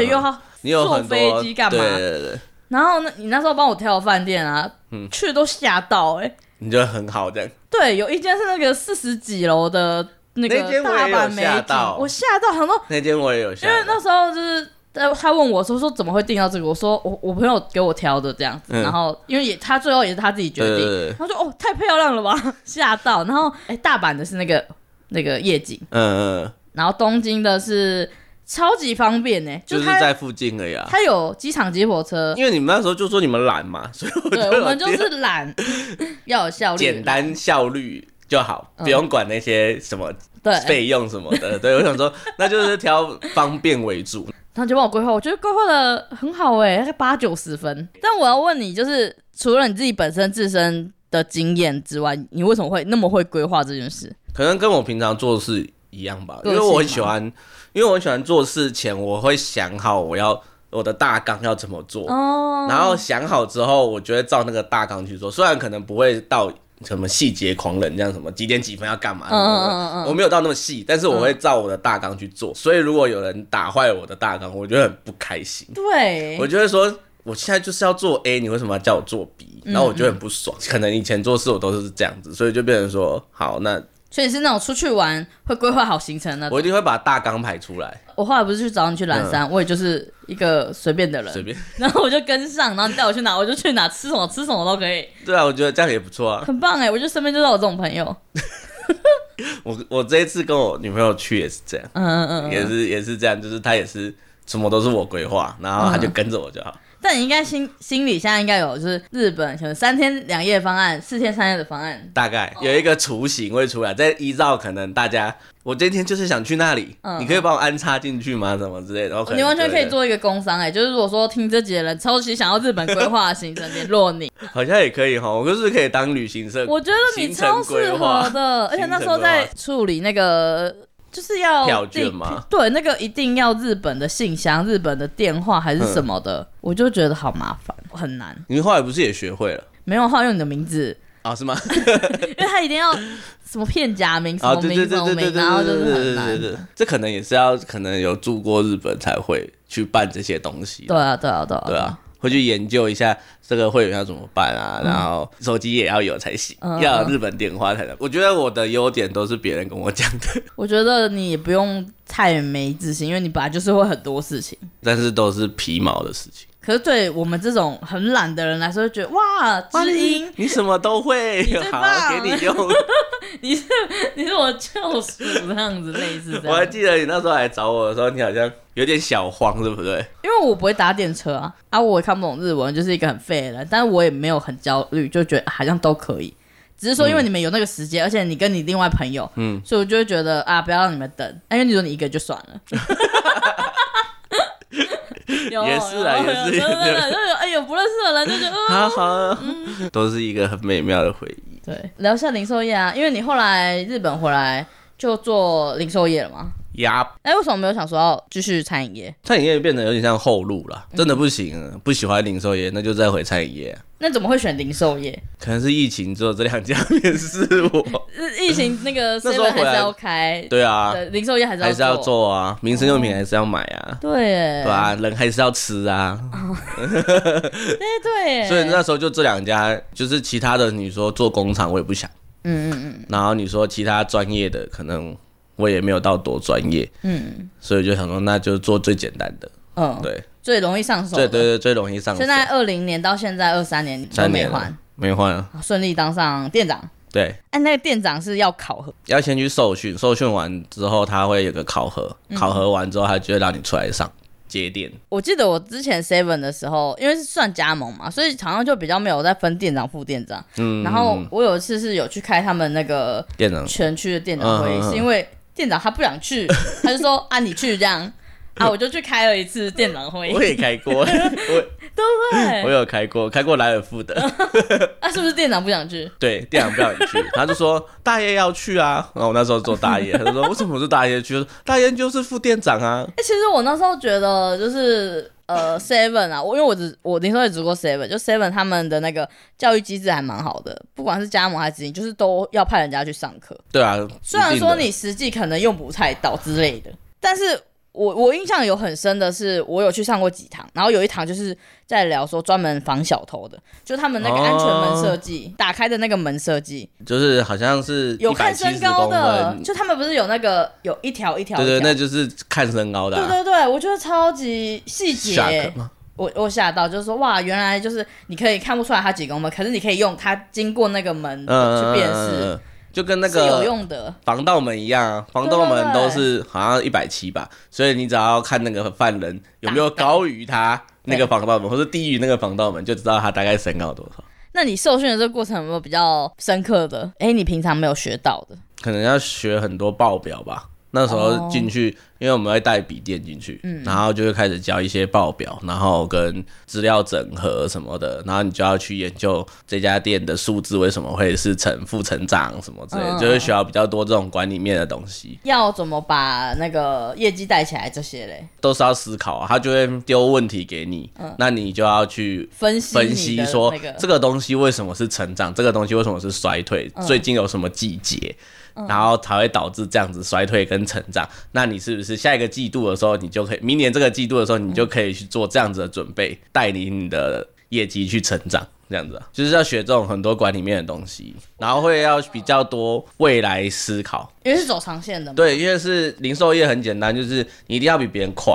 且又要坐飛機幹嘛，對對對。然後那你那時候幫我挑飯店啊？嗯、去都嚇到哎、欸，你覺得很好這樣？對，有一間是那個四十幾樓的那個大阪，沒到我嚇到很多。那間我也有，到我到我也有到，因為那時候就是。但他問我說：“說怎麼會定到這個？”我說：“我我朋友給我挑的這樣子。嗯”然後因為也他最後也是他自己決定。他說：“哦，太漂亮了吧，嚇到！”然後哎、欸，大阪的是那個那個夜景，嗯嗯。然後東京的是超級方便呢、欸，就是在附近的呀、啊。他有機場接火車。因為你們那時候就說你們懶嘛，所以我對我們就是懶，要有效率，簡單效率就好，嗯、不用管那些什麼費用什麼的。對，對我想說那就是挑方便為主。 [LAUGHS] 他就幫我規劃，我覺得規劃的很好哎、欸，大概八九十分。但我要問你，就是除了你自己本身自身的經驗之外，你為什麼會那麼會規劃這件事？可能跟我平常做事一樣吧，因為我很喜歡，因為我喜歡做事前我會想好我要我的大綱要怎麼做、oh，然後想好之後，我就會照那個大綱去做，雖然可能不會到。什麼細節狂人這樣，什麼幾點幾分要幹嘛？Oh, oh, oh, oh, oh. 我沒有到那麼細，但是我會照我的大綱去做。Oh. 所以如果有人打壞我的大綱，我覺得很不開心。對，我就會說我現在就是要做 A，你為什麼要叫我做 B？然後我就很不爽，嗯。可能以前做事我都是這樣子，所以就變成說好那。所以是那種出去玩會規劃好行程的，我一定會把大綱排出來。我後來不是去找你去藍山，嗯、我也就是一個隨便的人，隨便。然後我就跟上，然後你帶我去哪 [LAUGHS] 我就去哪，吃什麼吃什麼都可以。對啊，我覺得這樣也不錯啊，很棒哎、欸！我就身邊就是我這種朋友。 [LAUGHS] 我我這一次跟我女朋友去也是這樣，嗯嗯嗯，嗯，也是也是這樣，就是她也是什麼都是我規劃，然後她就跟着我就好。嗯但你應該心心裡現在應該有，就是日本可能三天兩夜方案，四天三夜的方案，大概有一個雛形會出來，再依照可能大家，我今天就是想去那裡，嗯、你可以幫我安插進去嗎？什麼之類的。你完全可以做一個工商，欸，哎，就是如果說聽這幾個人超級想要日本規劃行程，聯絡 [LAUGHS] 你好像也可以哈，我就是可以當旅行社。我覺得你超適合的，而且那時候在處理那個。就是要對，那個一定要日本的信箱、日本的電話還是什麼的，我就覺得好麻煩，很難。你後來不是也學會了？沒有，後來用你的名字啊、哦？是嗎？ [LAUGHS] [LAUGHS] 因為他一定要什麼片假名、哦，什麼名、對對對對對什麼名，然後就是很難對對對對對這可能也是要可能有住過日本才會去辦這些東西。對啊，對啊，對啊，對啊。回去研究一下這個會員要怎麼辦啊？嗯、然後手機也要有才行，嗯嗯，要有日本電話才能。我覺得我的優點都是別人跟我講的。我覺得你也不用太沒自信，因為你本來就是會很多事情，但是都是皮毛的事情。可是對我們這種很懶的人來說，就覺得哇歡迎，知音，你什麼都會， [LAUGHS] 好，你好給你用 [LAUGHS] 你。你是你是我救贖 [LAUGHS] 這、這樣子，類似這樣。我還記得你那時候來找我的時候，你好像有點小慌，對不對？因為我不會搭電車啊，啊，我也看不懂日文，就是一個很廢的人，但是我也沒有很焦慮，就覺得好、啊、像都可以。只是說，因為你們有那個時間，嗯、而且你跟你另外朋友，嗯，所以我就會覺得啊，不要讓你們等。哎、啊，因為你說你一個就算了。 [LAUGHS] [LAUGHS] 也是啊，也是， [LAUGHS] 對對對， [LAUGHS] 然哎呦，不認識的人就覺得啊、呃嗯， [LAUGHS] 好笑笑， [LAUGHS] [LAUGHS] 都是一個很美妙的回憶 [LAUGHS] 。對，聊一下零售業啊，因為你後來日本回來，就做零售業了嗎？呀、yep，那為什麼沒有想說要繼續餐飲業？餐飲業變得有點像後路了、嗯，真的不行，不喜歡零售業，那就再回餐飲業、啊。那怎麼會選零售業？可能是疫情之後這兩家面試我， [LAUGHS] 疫情那個 [LAUGHS] 那時候還是要開，對啊，零售業還是要做，還是要做啊，民生用品還是要買啊，哦、對，對啊，人還是要吃啊，哎 [LAUGHS] [LAUGHS] 對，對，所以那時候就這兩家，就是其他的你說做工廠，我也不想。嗯嗯嗯，然後你說其他專業的可能我也沒有到多專業，嗯，所以就想說那就做最簡單的，嗯、哦，對，最容易上手，對對對最容易上手。現在二零年到現在二三年都沒換，沒換啊，順利當上店長，對，哎、啊，那個店長是要考核，要先去受訓，受訓完之後他會有個考核、嗯，考核完之後他就會讓你出來上。電我記得我之前 Seven 的時候，因為是算加盟嘛，所以常常就比較沒有在分店長、副店長、嗯。然後我有一次是有去開他們那個店長全區的店長會、嗯嗯嗯嗯，是因為店長他不想去， [LAUGHS] 他就說啊你去這樣啊，我就去開了一次店長會。我也開過 [LAUGHS] 我也。對，對，我有開過，開過萊爾富的。 [LAUGHS] [LAUGHS] 啊，是不是店長不想去？對，店長不想去， [LAUGHS] 他就說大爺要去啊。然後我那時候做大爺，他就說 [LAUGHS] 為什麼我做大爺去？我說，大爺就是副店長啊。哎、欸，其實我那時候覺得就是呃，seven 啊，我因為我只我那時候也只過 seven，就 seven 他們的那個教育機制還蠻好的，不管是加盟還是直營，就是都要派人家去上課。對啊，嗯、雖然說你實際可能用不太到之類的，但是。我我印象有很深的是，我有去上過幾堂，然後有一堂就是在聊說專門防小偷的，就他們那個安全門設計、哦，打開的那個門設計，就是好像是有看身高的，就他們不是有那個有一條一條的，對，對對，那就是看身高的、啊，對對對，我覺得超級細節，我我嚇到，就是說哇，原來就是你可以看不出來他幾公分，可是你可以用他經過那個門、嗯、去辨識。嗯嗯嗯就跟那個防盜門一樣、啊，防盜門都是好像一百七吧，所以你只要看那個犯人有沒有高於他那個防盜門，或是低於那個防盜門，就知道他大概身高有多少。那你受訓的這個過程有沒有比較深刻的？哎、欸，你平常沒有學到的，可能要學很多報表吧。那時候進去、哦，因為我們會帶筆電進去、嗯，然後就會開始交一些報表，然後跟資料整合什麼的，然後你就要去研究這家店的數字為什麼會是成負成長什麼之類、嗯，就是需要比較多這種管理面的東西。要怎麼把那個業績帶起來？這些嘞，都是要思考。他就會丟問題給你、嗯，那你就要去分析分析說、那個、這個東西為什麼是成長，這個東西為什麼是衰退，嗯、最近有什麼季節？然後才會導致這樣子衰退跟成長。那你是不是下一個季度的時候，你就可以明年這個季度的時候，你就可以去做這樣子的準備，帶領你的業績去成長？這樣子啊，就是要學這種很多管理面的東西，然後會要比較多未來思考。因為是走長線的嘛。對，因為是零售業很簡單，就是你一定要比別人快。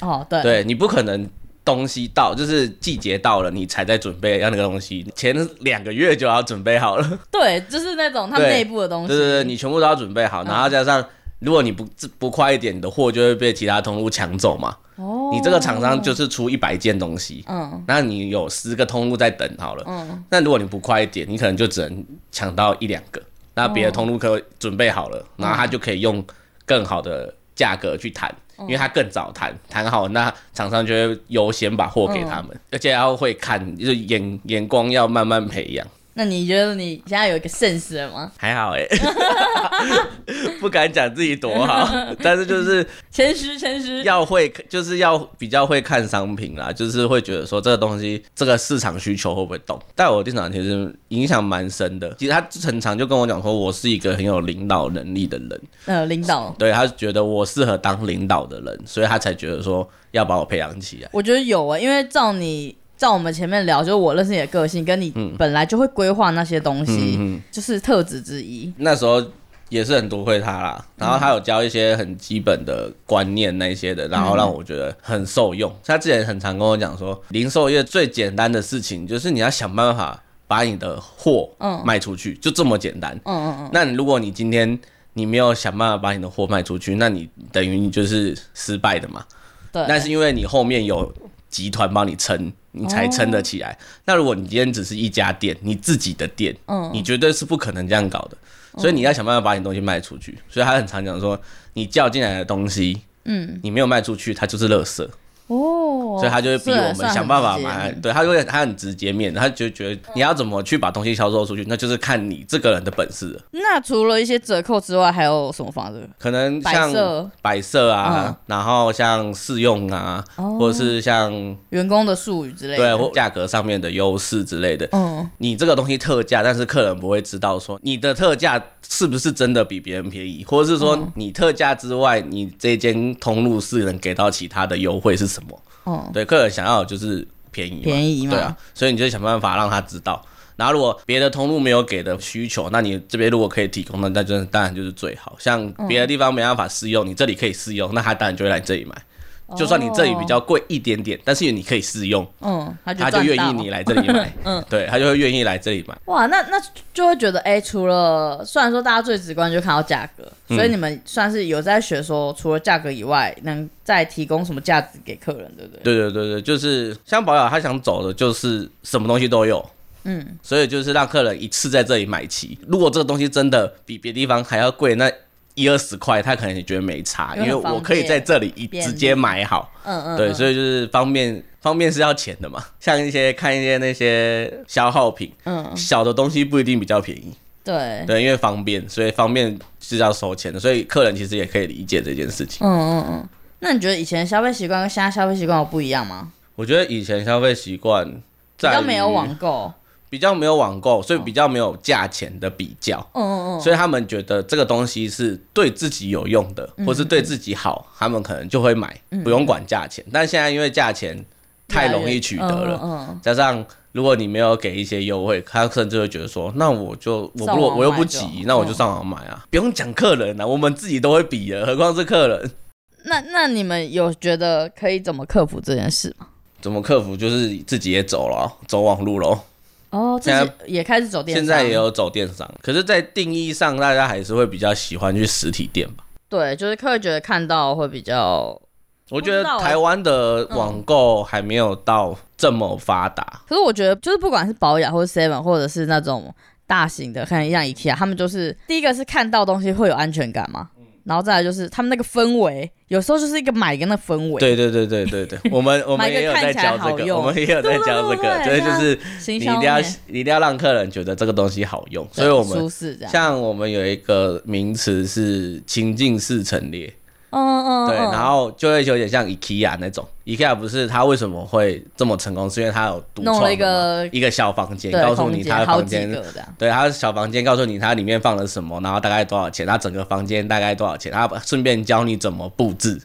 哦，對。對，你不可能。東西到就是季節到了，你才在準備要那個東西，嗯、前兩個月就要準備好了。對，就是那種它內部的東西。對對、就是、你全部都要準備好，嗯、然後加上，如果你不不快一點，你的貨就會被其他通路搶走嘛。哦。你這個廠商就是出一百件東西，嗯，那你有十個通路在等好了，嗯，那如果你不快一點，你可能就只能搶到一兩個，那別的通路可準備好了，嗯、然後他就可以用更好的價格去談。因為他更早談談、嗯、好，那廠商就會優先把貨給他們、嗯，而且要會看，就眼眼光要慢慢培養。那你覺得你現在有一個 sense 了嗎？還好哎、欸， [LAUGHS] [LAUGHS] 不敢講自己多好， [LAUGHS] 但是就是謙虛謙虛，要會就是要比較會看商品啦，就是會覺得說這個東西這個市場需求會不會動。但我店長其實影響蠻深的，其實他很常就跟我講說，我是一個很有領導能力的人，呃，領導，對，他覺得我適合當領導的人，所以他才覺得說要把我培養起來。我覺得有啊、欸，因為照你。在我們前面聊，就是我認識你的個性，跟你本來就會規劃那些東西，嗯嗯嗯、就是特質之一。那時候也是很多虧他啦，然後他有教一些很基本的觀念那一些的，嗯、然後讓我覺得很受用。他之前很常跟我講說、嗯，零售業最簡單的事情就是你要想辦法把你的貨賣出去、嗯，就這麼簡單。嗯嗯嗯。那你如果你今天你沒有想辦法把你的貨賣出去，那你等於你就是失敗的嘛。對。但是因為你後面有集團幫你撐。你才撐得起來。Oh. 那如果你今天只是一家店，你自己的店，oh. 你絕對是不可能這樣搞的。Oh. 所以你要想辦法把你東西賣出去。Oh. 所以他很常講說，你叫進來的東西，mm. 你沒有賣出去，它就是垃圾。哦、oh，所以他就會逼我們想辦法買，對，對他就會他很直接面，他就覺得你要怎麼去把東西銷售出去，嗯，那就是看你這個人的本事了。那除了一些折扣之外，還有什麼方式？可能像擺設啊，嗯，然後像試用啊，哦，或者是像員工的術語之類的，對，或價格上面的優勢之類的。嗯，你這個東西特價，但是客人不會知道說你的特價是不是真的比別人便宜，或者是說你特價之外，你這間通路是能給到其他的優惠是。什麼？哦、嗯，對，客人想要就是便宜嘛，便宜嘛，對啊，所以你就想辦法讓他知道。然後如果別的通路沒有給的需求，那你這邊如果可以提供的，那就當然就是最好。像別的地方沒辦法試用、嗯，你這裡可以試用，那他當然就會來這裡買。就算你這裡比較貴一點點，oh. 但是你可以試用，嗯，他就願意你來這裡買， [LAUGHS] 嗯，對，他就會願意來這裡買。哇，那那就會覺得，哎、欸，除了雖然說大家最直觀就看到價格，所以你們算是有在學說，嗯、除了價格以外，能再提供什麼價值給客人，對不對？對對對對，就是像保養，他想走的就是什麼東西都有，嗯，所以就是讓客人一次在這裡買齊。如果這個東西真的比別的地方還要貴，那一二十塊，他可能也覺得沒差因，因為我可以在這裡一直接買好，嗯，嗯嗯，對，所以就是方便，方便是要錢的嘛，像一些看一些那些消耗品，嗯，小的東西不一定比較便宜，對對，因為方便，所以方便是要收錢的，所以客人其實也可以理解這件事情，嗯嗯嗯。那你覺得以前消費習慣跟現在消費習慣有不一樣嗎？我覺得以前消費習慣在比較都沒有網購。比較沒有網購，所以比較沒有價錢的比較。哦。所以他們覺得這個東西是對自己有用的，哦哦、或是對自己好、嗯，他們可能就會買，嗯、不用管價錢。但現在因為價錢太容易取得了，了、嗯嗯嗯嗯，加上如果你沒有給一些優惠，他甚至會覺得說：“那、嗯嗯、我就我不我又不急，那我就上網買啊，嗯、不用講客人啊，我們自己都會比的，何況是客人。那”那那你們有覺得可以怎麼克服這件事嗎？怎麼克服？就是自己也走了，走網路嘍。哦，現在也開始走電商，電現,現在也有走電商，可是，在定義上，大家還是會比較喜歡去實體店吧？對，就是會覺得看到會比較。我覺得台灣的網購還沒有到這麼發達、嗯，可是我覺得，就是不管是寶雅或是 Seven，或者是那種大型的，像 IKEA，他們就是第一個是看到東西會有安全感嗎？然後再來就是他們那個氛圍，有時候就是一個買跟那個氛圍。對對對對對對，我們我們也有在教這個，我們也有在教這個，所以就是、啊、你一定要你一定要讓客人覺得這個東西好用。所以我們像我們有一個名詞是情境式陳列。嗯嗯，對，然後就會有點像 IKEA 那種，IKEA 不是它為什麼會這麼成功？是因為它有獨創嗎？弄了一個一個小房間，告訴你它的房間，對，它的小房間，告訴你它裡面放了什麼，然後大概多少錢，它整個房間大概多少錢，它順便教你怎麼布置。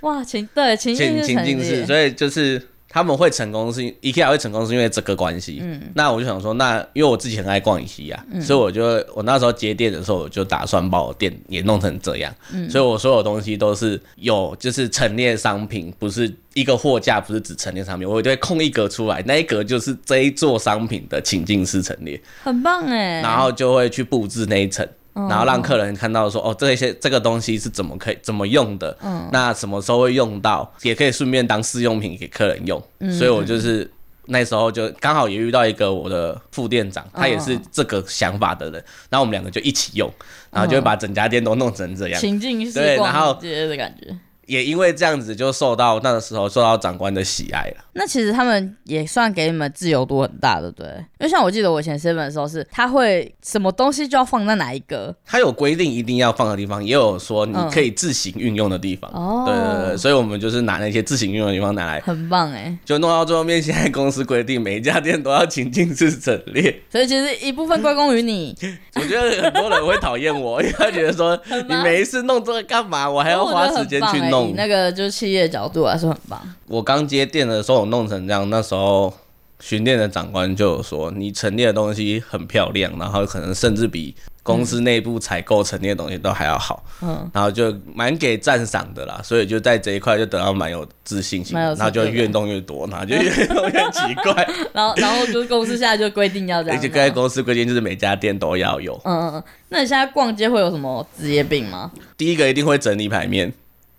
哇，情對情情情情所以就是。他們會成功是 IKEA 會成功是因為這個關係。嗯，那我就想說那，那因為我自己很愛逛 IKEA，所以我就我那時候接店的時候，我就打算把我店也弄成這樣。嗯，所以我所有東西都是有就是陳列商品，不是一個貨架，不是只陳列商品，我就會空一格出來，那一格就是這一座商品的情境式陳列，很棒哎、欸。然後就會去佈置那一層。然後讓客人看到說，哦，哦這些這個東西是怎麼可以怎麼用的、嗯？那什麼時候會用到？也可以順便當試用品給客人用、嗯。所以我就是那時候就剛好也遇到一個我的副店長，他也是這個想法的人。哦、然後我們兩個就一起用，然後就會把整家店都弄成這樣、嗯、情境式逛街的感覺。也因為這樣子，就受到那個時候受到長官的喜愛了。那其實他們也算給你們自由度很大的，對。因為像我記得我以前上班的時候是，是他會什麼東西就要放在哪一個，他有規定一定要放的地方，也有說你可以自行運用的地方。哦、嗯。對，對對對，所以我們就是拿那些自行運用的地方拿來。很棒哎、欸。就弄到最後面，現在公司規定每一家店都要情境式陳列。所以其實一部分歸功於你。 [LAUGHS] 我覺得很多人會討厭我， [LAUGHS] 因為他覺得說你每一次弄這個幹嘛，我還要花時間去弄、欸。你那個就是企業的角度還、啊、是很棒。我剛接店的時候，我弄成這樣，那時候巡店的長官就有說，你陳列的東西很漂亮，然後可能甚至比公司內部採購陳列的東西都還要好。嗯，然後就蠻給讚賞的啦，所以就在這一塊就得到蠻有自信心，然後就越弄越多，然後就越弄、嗯、越， [LAUGHS] 越奇怪。 [LAUGHS] 然後，然後就公司現在就規定要這樣，而且現公司規定就是每家店都要有。嗯嗯嗯。那你現在逛街會有什麼職業病嗎、嗯？第一個一定會整理排面。嗯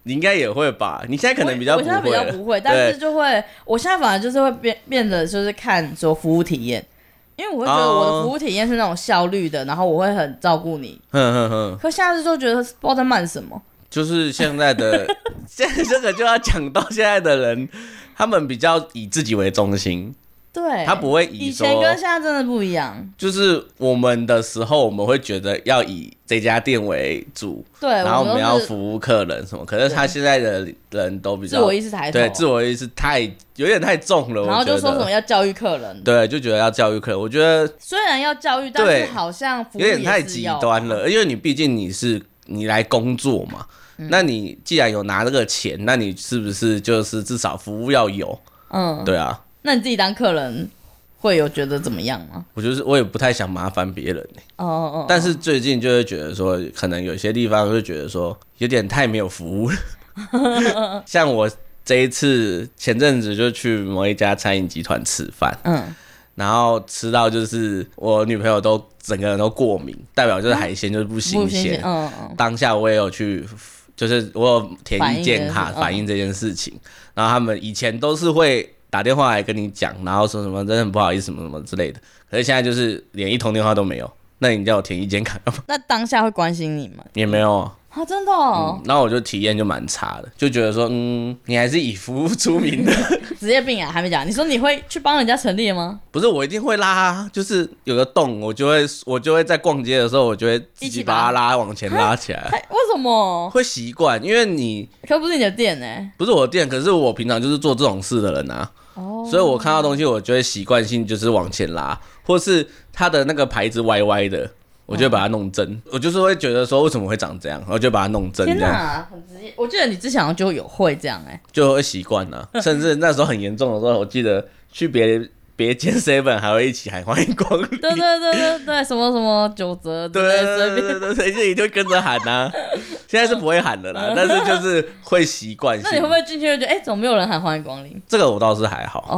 你應該也會吧？你現在可能比較不會，我,我現在比較不會，但是就會我現在反而就是會變變得就是看說服務體驗，因為我會覺得我的服務體驗是那種效率的，oh. 然後我會很照顧你。哼哼哼，可下次就覺得不知道在慢什麼？就是現在的， [LAUGHS] 現在這個就要講到現在的人，他們比較以自己為中心。對，他不會以，以前跟現在真的不一樣。就是我們的時候，我們會覺得要以這家店為主，對，然後我們要服務客人什麼。可是他現在的人都比較自我意識抬頭，對，自我意識太有點太重了我覺得。然後就說什麼要教育客人，對，就覺得要教育客人。我覺得雖然要教育，但是好像服務有點太極端了，因為你畢竟你是你來工作嘛，嗯，那你既然有拿這個錢，那你是不是就是至少服務要有？嗯，對啊。那你自己當客人會有覺得怎麼樣嗎？我就是我也不太想麻煩別人。欸，oh, oh, oh, oh. 但是最近就會覺得說，可能有些地方就覺得說有點太沒有服務了。 [LAUGHS] 像我這一次前陣子就去某一家餐飲集團吃飯，嗯，然後吃到就是我女朋友都整個人都過敏，代表就是海鮮就是不新鮮。嗯，不新鮮嗯，oh, oh. 當下我也有去，就是我有填意見卡反映這件事情，oh. 然後他們以前都是會。打電話來跟你講，然後說什麼真的很不好意思，什麼什麼之類的。可是現在就是連一通電話都沒有，那你叫我填意見卡嗎？那當下會關心你嗎？也沒有啊、哦，真的、哦嗯。然後我就體驗就蠻差的，就覺得說，嗯，你還是以服務出名的職業病啊，還沒講。你說你會去幫人家陳列的嗎？不是，我一定會拉。啊。就是有個洞，我就會我就會在逛街的時候，我就會自己把它拉，拉往前拉起來。啊啊、為什麼？會習慣，因為你可不是你的店呢，不是我的店，可是我平常就是做這種事的人啊。哦， [NOISE] 所以我看到東西，我就會習慣性就是往前拉，或是它的那個牌子歪歪的，我就會把它弄正。我就是會覺得說，為什麼會長這樣，我就會把它弄正。天啊，很直接。我記得你之前就有會這樣哎、欸 [NOISE] 就會習慣了，甚至那時候很嚴重的時候，我記得去別。別間 seven 還會一起喊歡迎光臨，對對對對對， [LAUGHS] 什麼什麼九折，對對對對對，所以你就一跟着喊吶、啊。 [LAUGHS] 現在是不會喊的啦， [LAUGHS] 但是就是會習慣性。 [LAUGHS] 那你會不會進去就覺得，哎、欸，怎麼沒有人喊歡迎光臨？這個我倒是還好哦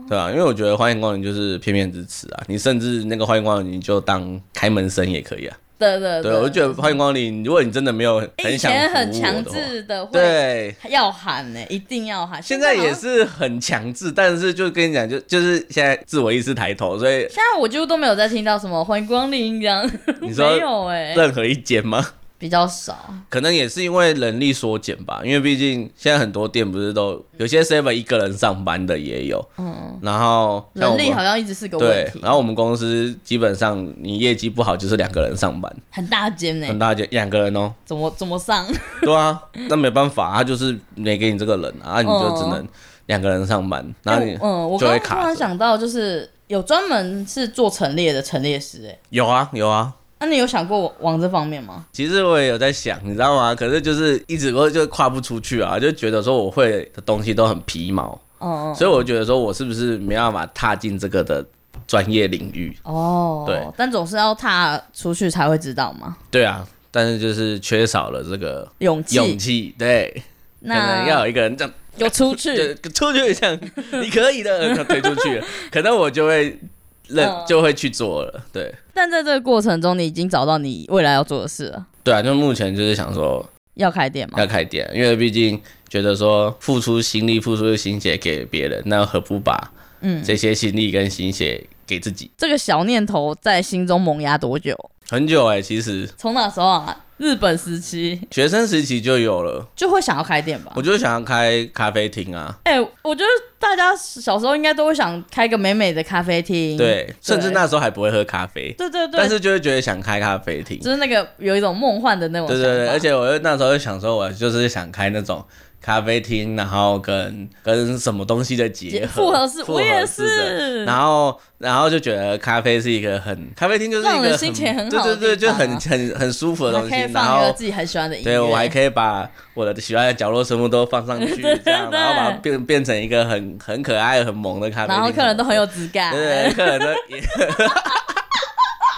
，oh. 對啊，因為我覺得歡迎光臨就是片面之詞啊。你甚至那個歡迎光臨，你就當開門聲也可以啊。對，對對對，我就覺得歡迎光臨。如果你真的沒有很想很強制的話，對，要喊呢，一定要喊。現在也是很強制，但是就跟你講，就就是現在自我意識抬頭，所以現在我就都沒有再聽到什麼歡迎光臨這樣。你說沒有哎，任何一間嗎？ [LAUGHS] 比較少，可能也是因為人力縮減吧。因為畢竟現在很多店不是都有些 seven 一個人上班的也有，嗯，然後人力好像一直是個問題對。然後我們公司基本上你業績不好就是兩個人上班，很大間呢。欸，很大間兩個人哦？喔。怎麼怎麼上？對啊，那沒辦法啊，他就是沒給你這個人啊，嗯、你就只能兩個人上班。那你嗯，嗯，我突然想到就是有專門是做陳列的陳列師。欸，哎，有啊有啊。那、啊、你有想過往這方面嗎？其實我也有在想，你知道嗎？可是就是一直我就跨不出去啊，就覺得說我會的東西都很皮毛哦，所以我覺得說，我是不是沒辦法踏進這個的專業領域哦？對，但總是要踏出去才會知道嘛。對啊，但是就是缺少了這個勇氣，勇氣，對，那，可能要有一個人這樣有出去， [LAUGHS] 就出去一下 [LAUGHS] 你可以的，推出去， [LAUGHS] 可能我就會。那就會去做了，對。但在這個過程中，你已經找到你未來要做的事了。對啊，就目前就是想說要開店嘛。要開店，因為畢竟覺得說付出心力、付出心血給別人，那何不把這嗯這些心力跟心血給自己？這個小念頭在心中萌芽多久？很久哎、欸，其實從那時候啊？日本時期，學生時期就有了，就會想要開店吧。我就想要開咖啡廳啊。哎、欸，我覺得大家小時候應該都會想開個美美的咖啡廳。對，甚至那時候還不會喝咖啡。對對對、對。但是就會覺得想開咖啡廳，就是那個有一種夢幻的那種。對對對，而且我那時候就想說，我就是想開那種。咖啡廳，然後跟跟什麼東西的結合，複合式。我也是。然後然後就覺得咖啡是一個很咖啡廳就是一個很，心情很好，對對對，就很很很舒服的東西。然後可以放一個自己很喜歡的音樂，對我還可以把我的喜歡的角落生物都放上去這樣 [LAUGHS] 對對對，然後把它變變成一個很很可愛、很萌的咖啡。然後客人都很有質感，對客人都。 [LAUGHS] [LAUGHS]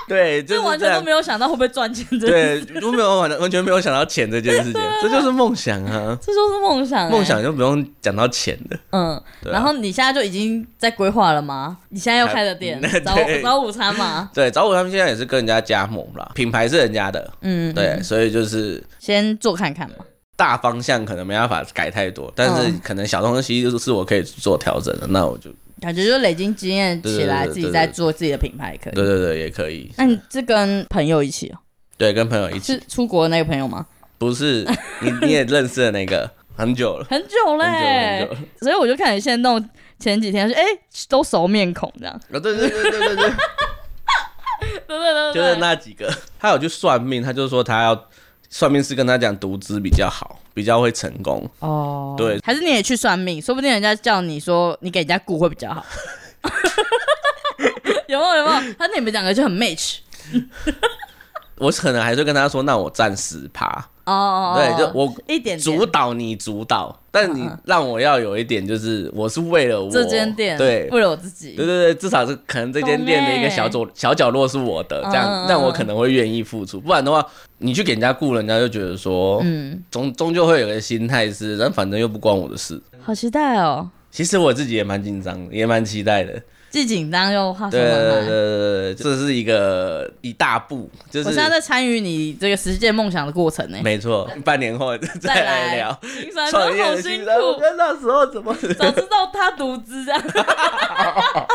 對、就是這，這完全都沒有想到會不會賺錢這件事情，對，都沒有完完全沒有想到錢這件事情， [LAUGHS] 啊、這就是夢想啊，這就是夢想、欸，夢想就不用講到錢的，嗯對、啊。然後你現在就已經在規劃了嗎？你現在又開的店，早早午餐嘛，對，早午餐現在也是跟人家加盟啦，品牌是人家的，嗯，對，所以就是先做看看嘛，大方向可能沒辦法改太多，但是可能小東西就是我可以做調整的，那我就。感覺就累積經驗起來，自己在做自己的品牌可以。對對對，也可以。那你是跟朋友一起哦？喔？對，跟朋友一起。是出國的那個朋友嗎？不是，你你也認識的那個很久， [LAUGHS] 很久了，很久嘞，很久，所以我就看你現在弄，前幾天是，哎、欸、都熟面孔這樣。啊對對對對對對，對。 [LAUGHS] [LAUGHS] [LAUGHS] 就是那幾個，他有去算命，他就說他要算命師跟他講獨資比較好。比較會成功哦，oh. 對，還是你也去算命，說不定人家叫你說你給人家顧會比較好， [LAUGHS] [LAUGHS] 有沒有？有沒有？他那邊講的就很 match， [LAUGHS] 我可能還是跟他說，那我暫時爬。哦、oh, oh,，oh, oh. 對，就我一點主導，你主導，點點 uh-huh. 但你讓我要有一點，就是我是為了我這間店，對，為了我自己，對對對，至少是可能這間店的一個小角小角落是我的，這樣，那、uh-uh. 我可能會願意付出，不然的話，你去給人家雇，人家就覺得說，嗯，終終究會有個心態是，但反正又不關我的事。好期待哦！其實我自己也蠻緊張，也蠻期待的。既緊張又怕什麼？對對對，這、就是一個一大步，就是。我現在在參與你這個實踐夢想的過程呢、欸。沒錯、嗯，半年後再來聊創業。好業辛苦，我那時候怎麼、就是、早知道他獨資這樣。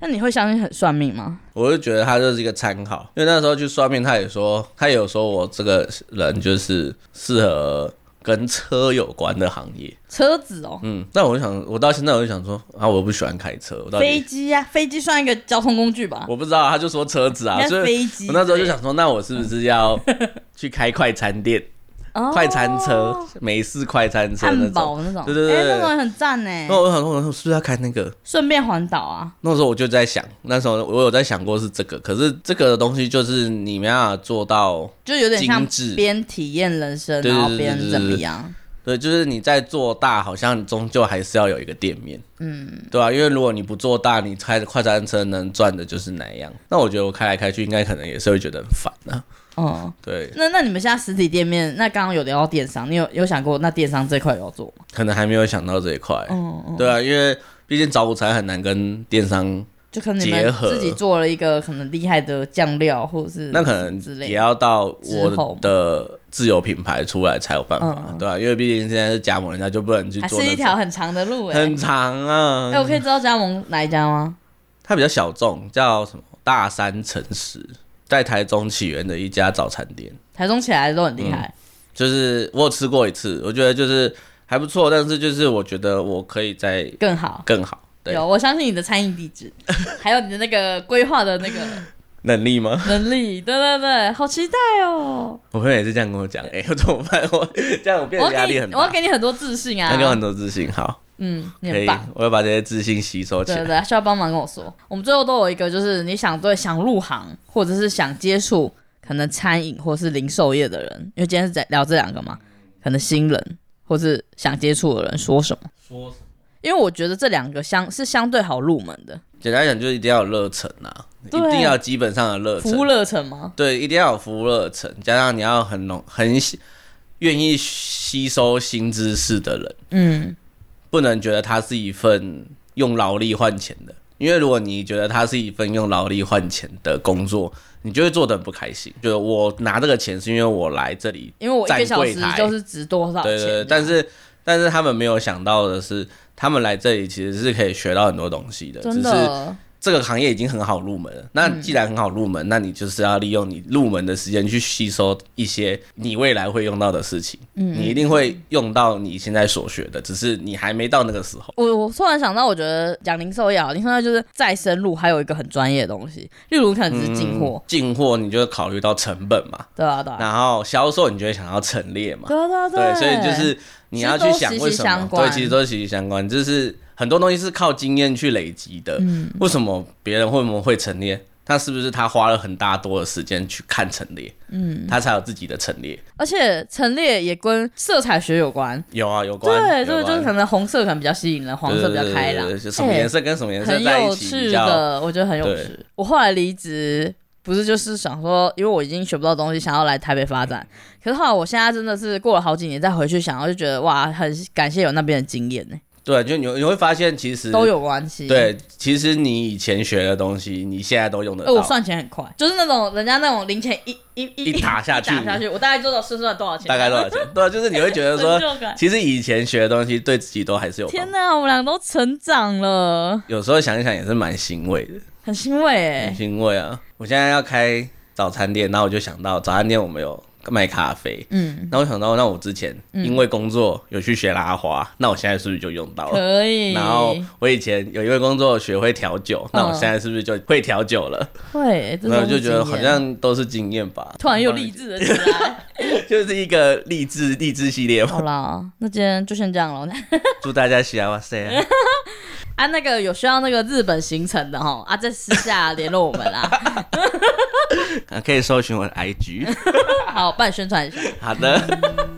那你會相信很算命嗎？我就覺得他就是一個參考，因為那時候去算命，他也說，他也有說我這個人就是適合。跟車有關的行業，車子哦，嗯，那我就想，我到現在我就想說啊，我不喜歡開車，我到飛機啊，飛機算一個交通工具吧，我不知道，他就說車子啊，飛機。所以我那時候就想說，那我是不是要去開快餐店？ [LAUGHS] Oh, 快餐車、美式快餐車那種，漢堡那種，對對對，欸、那種很讚哎。那時候我想，我說是不是要開那個？順便環島啊。那時候我就在想，那時候我有在想過是這個，可是這個東西就是你沒辦法做到精緻，就有點像邊體驗人生，然後邊怎麼樣。對對對對對。對，就是你在做大，好像終究還是要有一個店面，嗯，對吧、啊？因為如果你不做大，你開快餐車，車能賺的就是那樣？那我覺得我開來開去，應該可能也是會覺得很煩的、啊。嗯，對。那那你們現在實體店面，那剛剛有聊到電商，你有有想過那電商這塊有要做嗎？可能還沒有想到這一塊。嗯對啊，因為畢竟早午餐，很難跟電商、嗯、就可能結合，自己做了一個可能厲害的醬料，或者是那可能也要到我的。我的自有品牌出來才有辦法，嗯嗯，對吧？因為畢竟現在是加盟，人家就不能去做。這是一條很長的路、欸、很長啊！哎、欸，我可以知道加盟哪一家嗎？它比較小眾，叫什麼“大山誠實”，在台中起源的一家早餐店。台中起來的都很厲害、嗯。就是我有吃過一次，我覺得就是還不錯，但是就是我覺得我可以再更好更好。對，有，我相信你的餐飲地址， [LAUGHS] 還有你的那個規劃的那個。能力嗎？能力，對對對，好期待哦！我朋友也是這樣跟我講，哎、欸，我怎麼辦？我這樣我變得壓力很大我。我要給你很多自信啊！給我很多自信，好，嗯，你很棒。我要把這些自信吸收起來。對對，對，需要幫忙跟我說。我們最後都有一個，就是你想對想入行或者是想接觸可能餐飲或者是零售業的人，因為今天是在聊這兩個嘛，可能新人或者是想接觸的人說什麼？說什麼，因為我覺得這兩個相是相對好入門的。簡單講，就是一定要有熱忱吶、啊，一定要基本上的熱忱。服務熱忱嗎？對，一定要有服務熱忱，加上你要很濃、很願意吸收新知識的人。嗯，不能覺得他是一份用勞力換錢的，因為如果你覺得他是一份用勞力換錢的工作，你就會做得很不開心。就我拿這個錢，是因為我來這裡，因為我一個小時就是值多少錢，啊。對，對對，但是但是他們沒有想到的是。他們來這裡其實是可以學到很多東西的，只是。這個行業已經很好入門了。那既然很好入門，嗯，那你就是要利用你入門的時間去吸收一些你未來會用到的事情。嗯，你一定會用到你現在所學的，只是你還沒到那個時候。我我突然想到，我覺得講零售也好，你看到就是再深入，還有一個很專業的東西，例如你可能是進貨，嗯。進貨你就會考慮到成本嘛，對啊對啊。然後銷售你就會想要陳列嘛，對啊對啊對。對，所以就是你要去想為什麼，息息相關，對，其實都是息息相關，就是。很多東西是靠經驗去累積的。嗯，為什麼別人會那麼會陳列？那是不是他花了很大多的時間去看陳列？嗯，他才有自己的陳列。而且陳列也跟色彩學有關。有啊，有關。對，就是就可能紅色可能比較吸引人，黃色比較開朗，對對對對，什麼顏色跟什麼顏色在一起、欸。很有趣的，我覺得很有趣。我後來離職，不是就是想說，因為我已經學不到東西，想要來台北發展。嗯、可是後來我現在真的是過了好幾年，再回去想，我就覺得哇，很感謝有那邊的經驗呢、欸。對，就你，你會發現其實都有關係。對，其實你以前學的東西，你現在都用得到。哦，我算起來很快，就是那種人家那種零錢一一一，一打下去一打下去， [LAUGHS] 我大概多少算算多少錢？大概多少錢？ [LAUGHS] 對，就是你會覺得說， [LAUGHS] 其實以前學的東西對自己都還是有。天吶，我們倆都成長了。有時候想一想也是蠻欣慰的，很欣慰，很欣慰啊！我現在要開早餐店，然後我就想到早餐店我沒有。賣咖啡，嗯，那我想到，那我之前因為工作有去學拉花，嗯，那我現在是不是就用到了？可以。然後我以前有一位工作學會調酒，哦，那我現在是不是就會調酒了？會。那我就覺得好像都是經驗吧。突然又勵志了， [LAUGHS] 就是一個勵志勵志系列。好了，那今天就先這樣了。祝大家喜愛，哇塞！啊，那個有需要那個日本行程的哈，啊，再私下聯絡我們啦。 [LAUGHS] [LAUGHS] [LAUGHS] [LAUGHS] 啊，可以搜尋我的 IG， [LAUGHS] [LAUGHS] 好，幫你宣傳一下。 [LAUGHS] 好的。 [LAUGHS]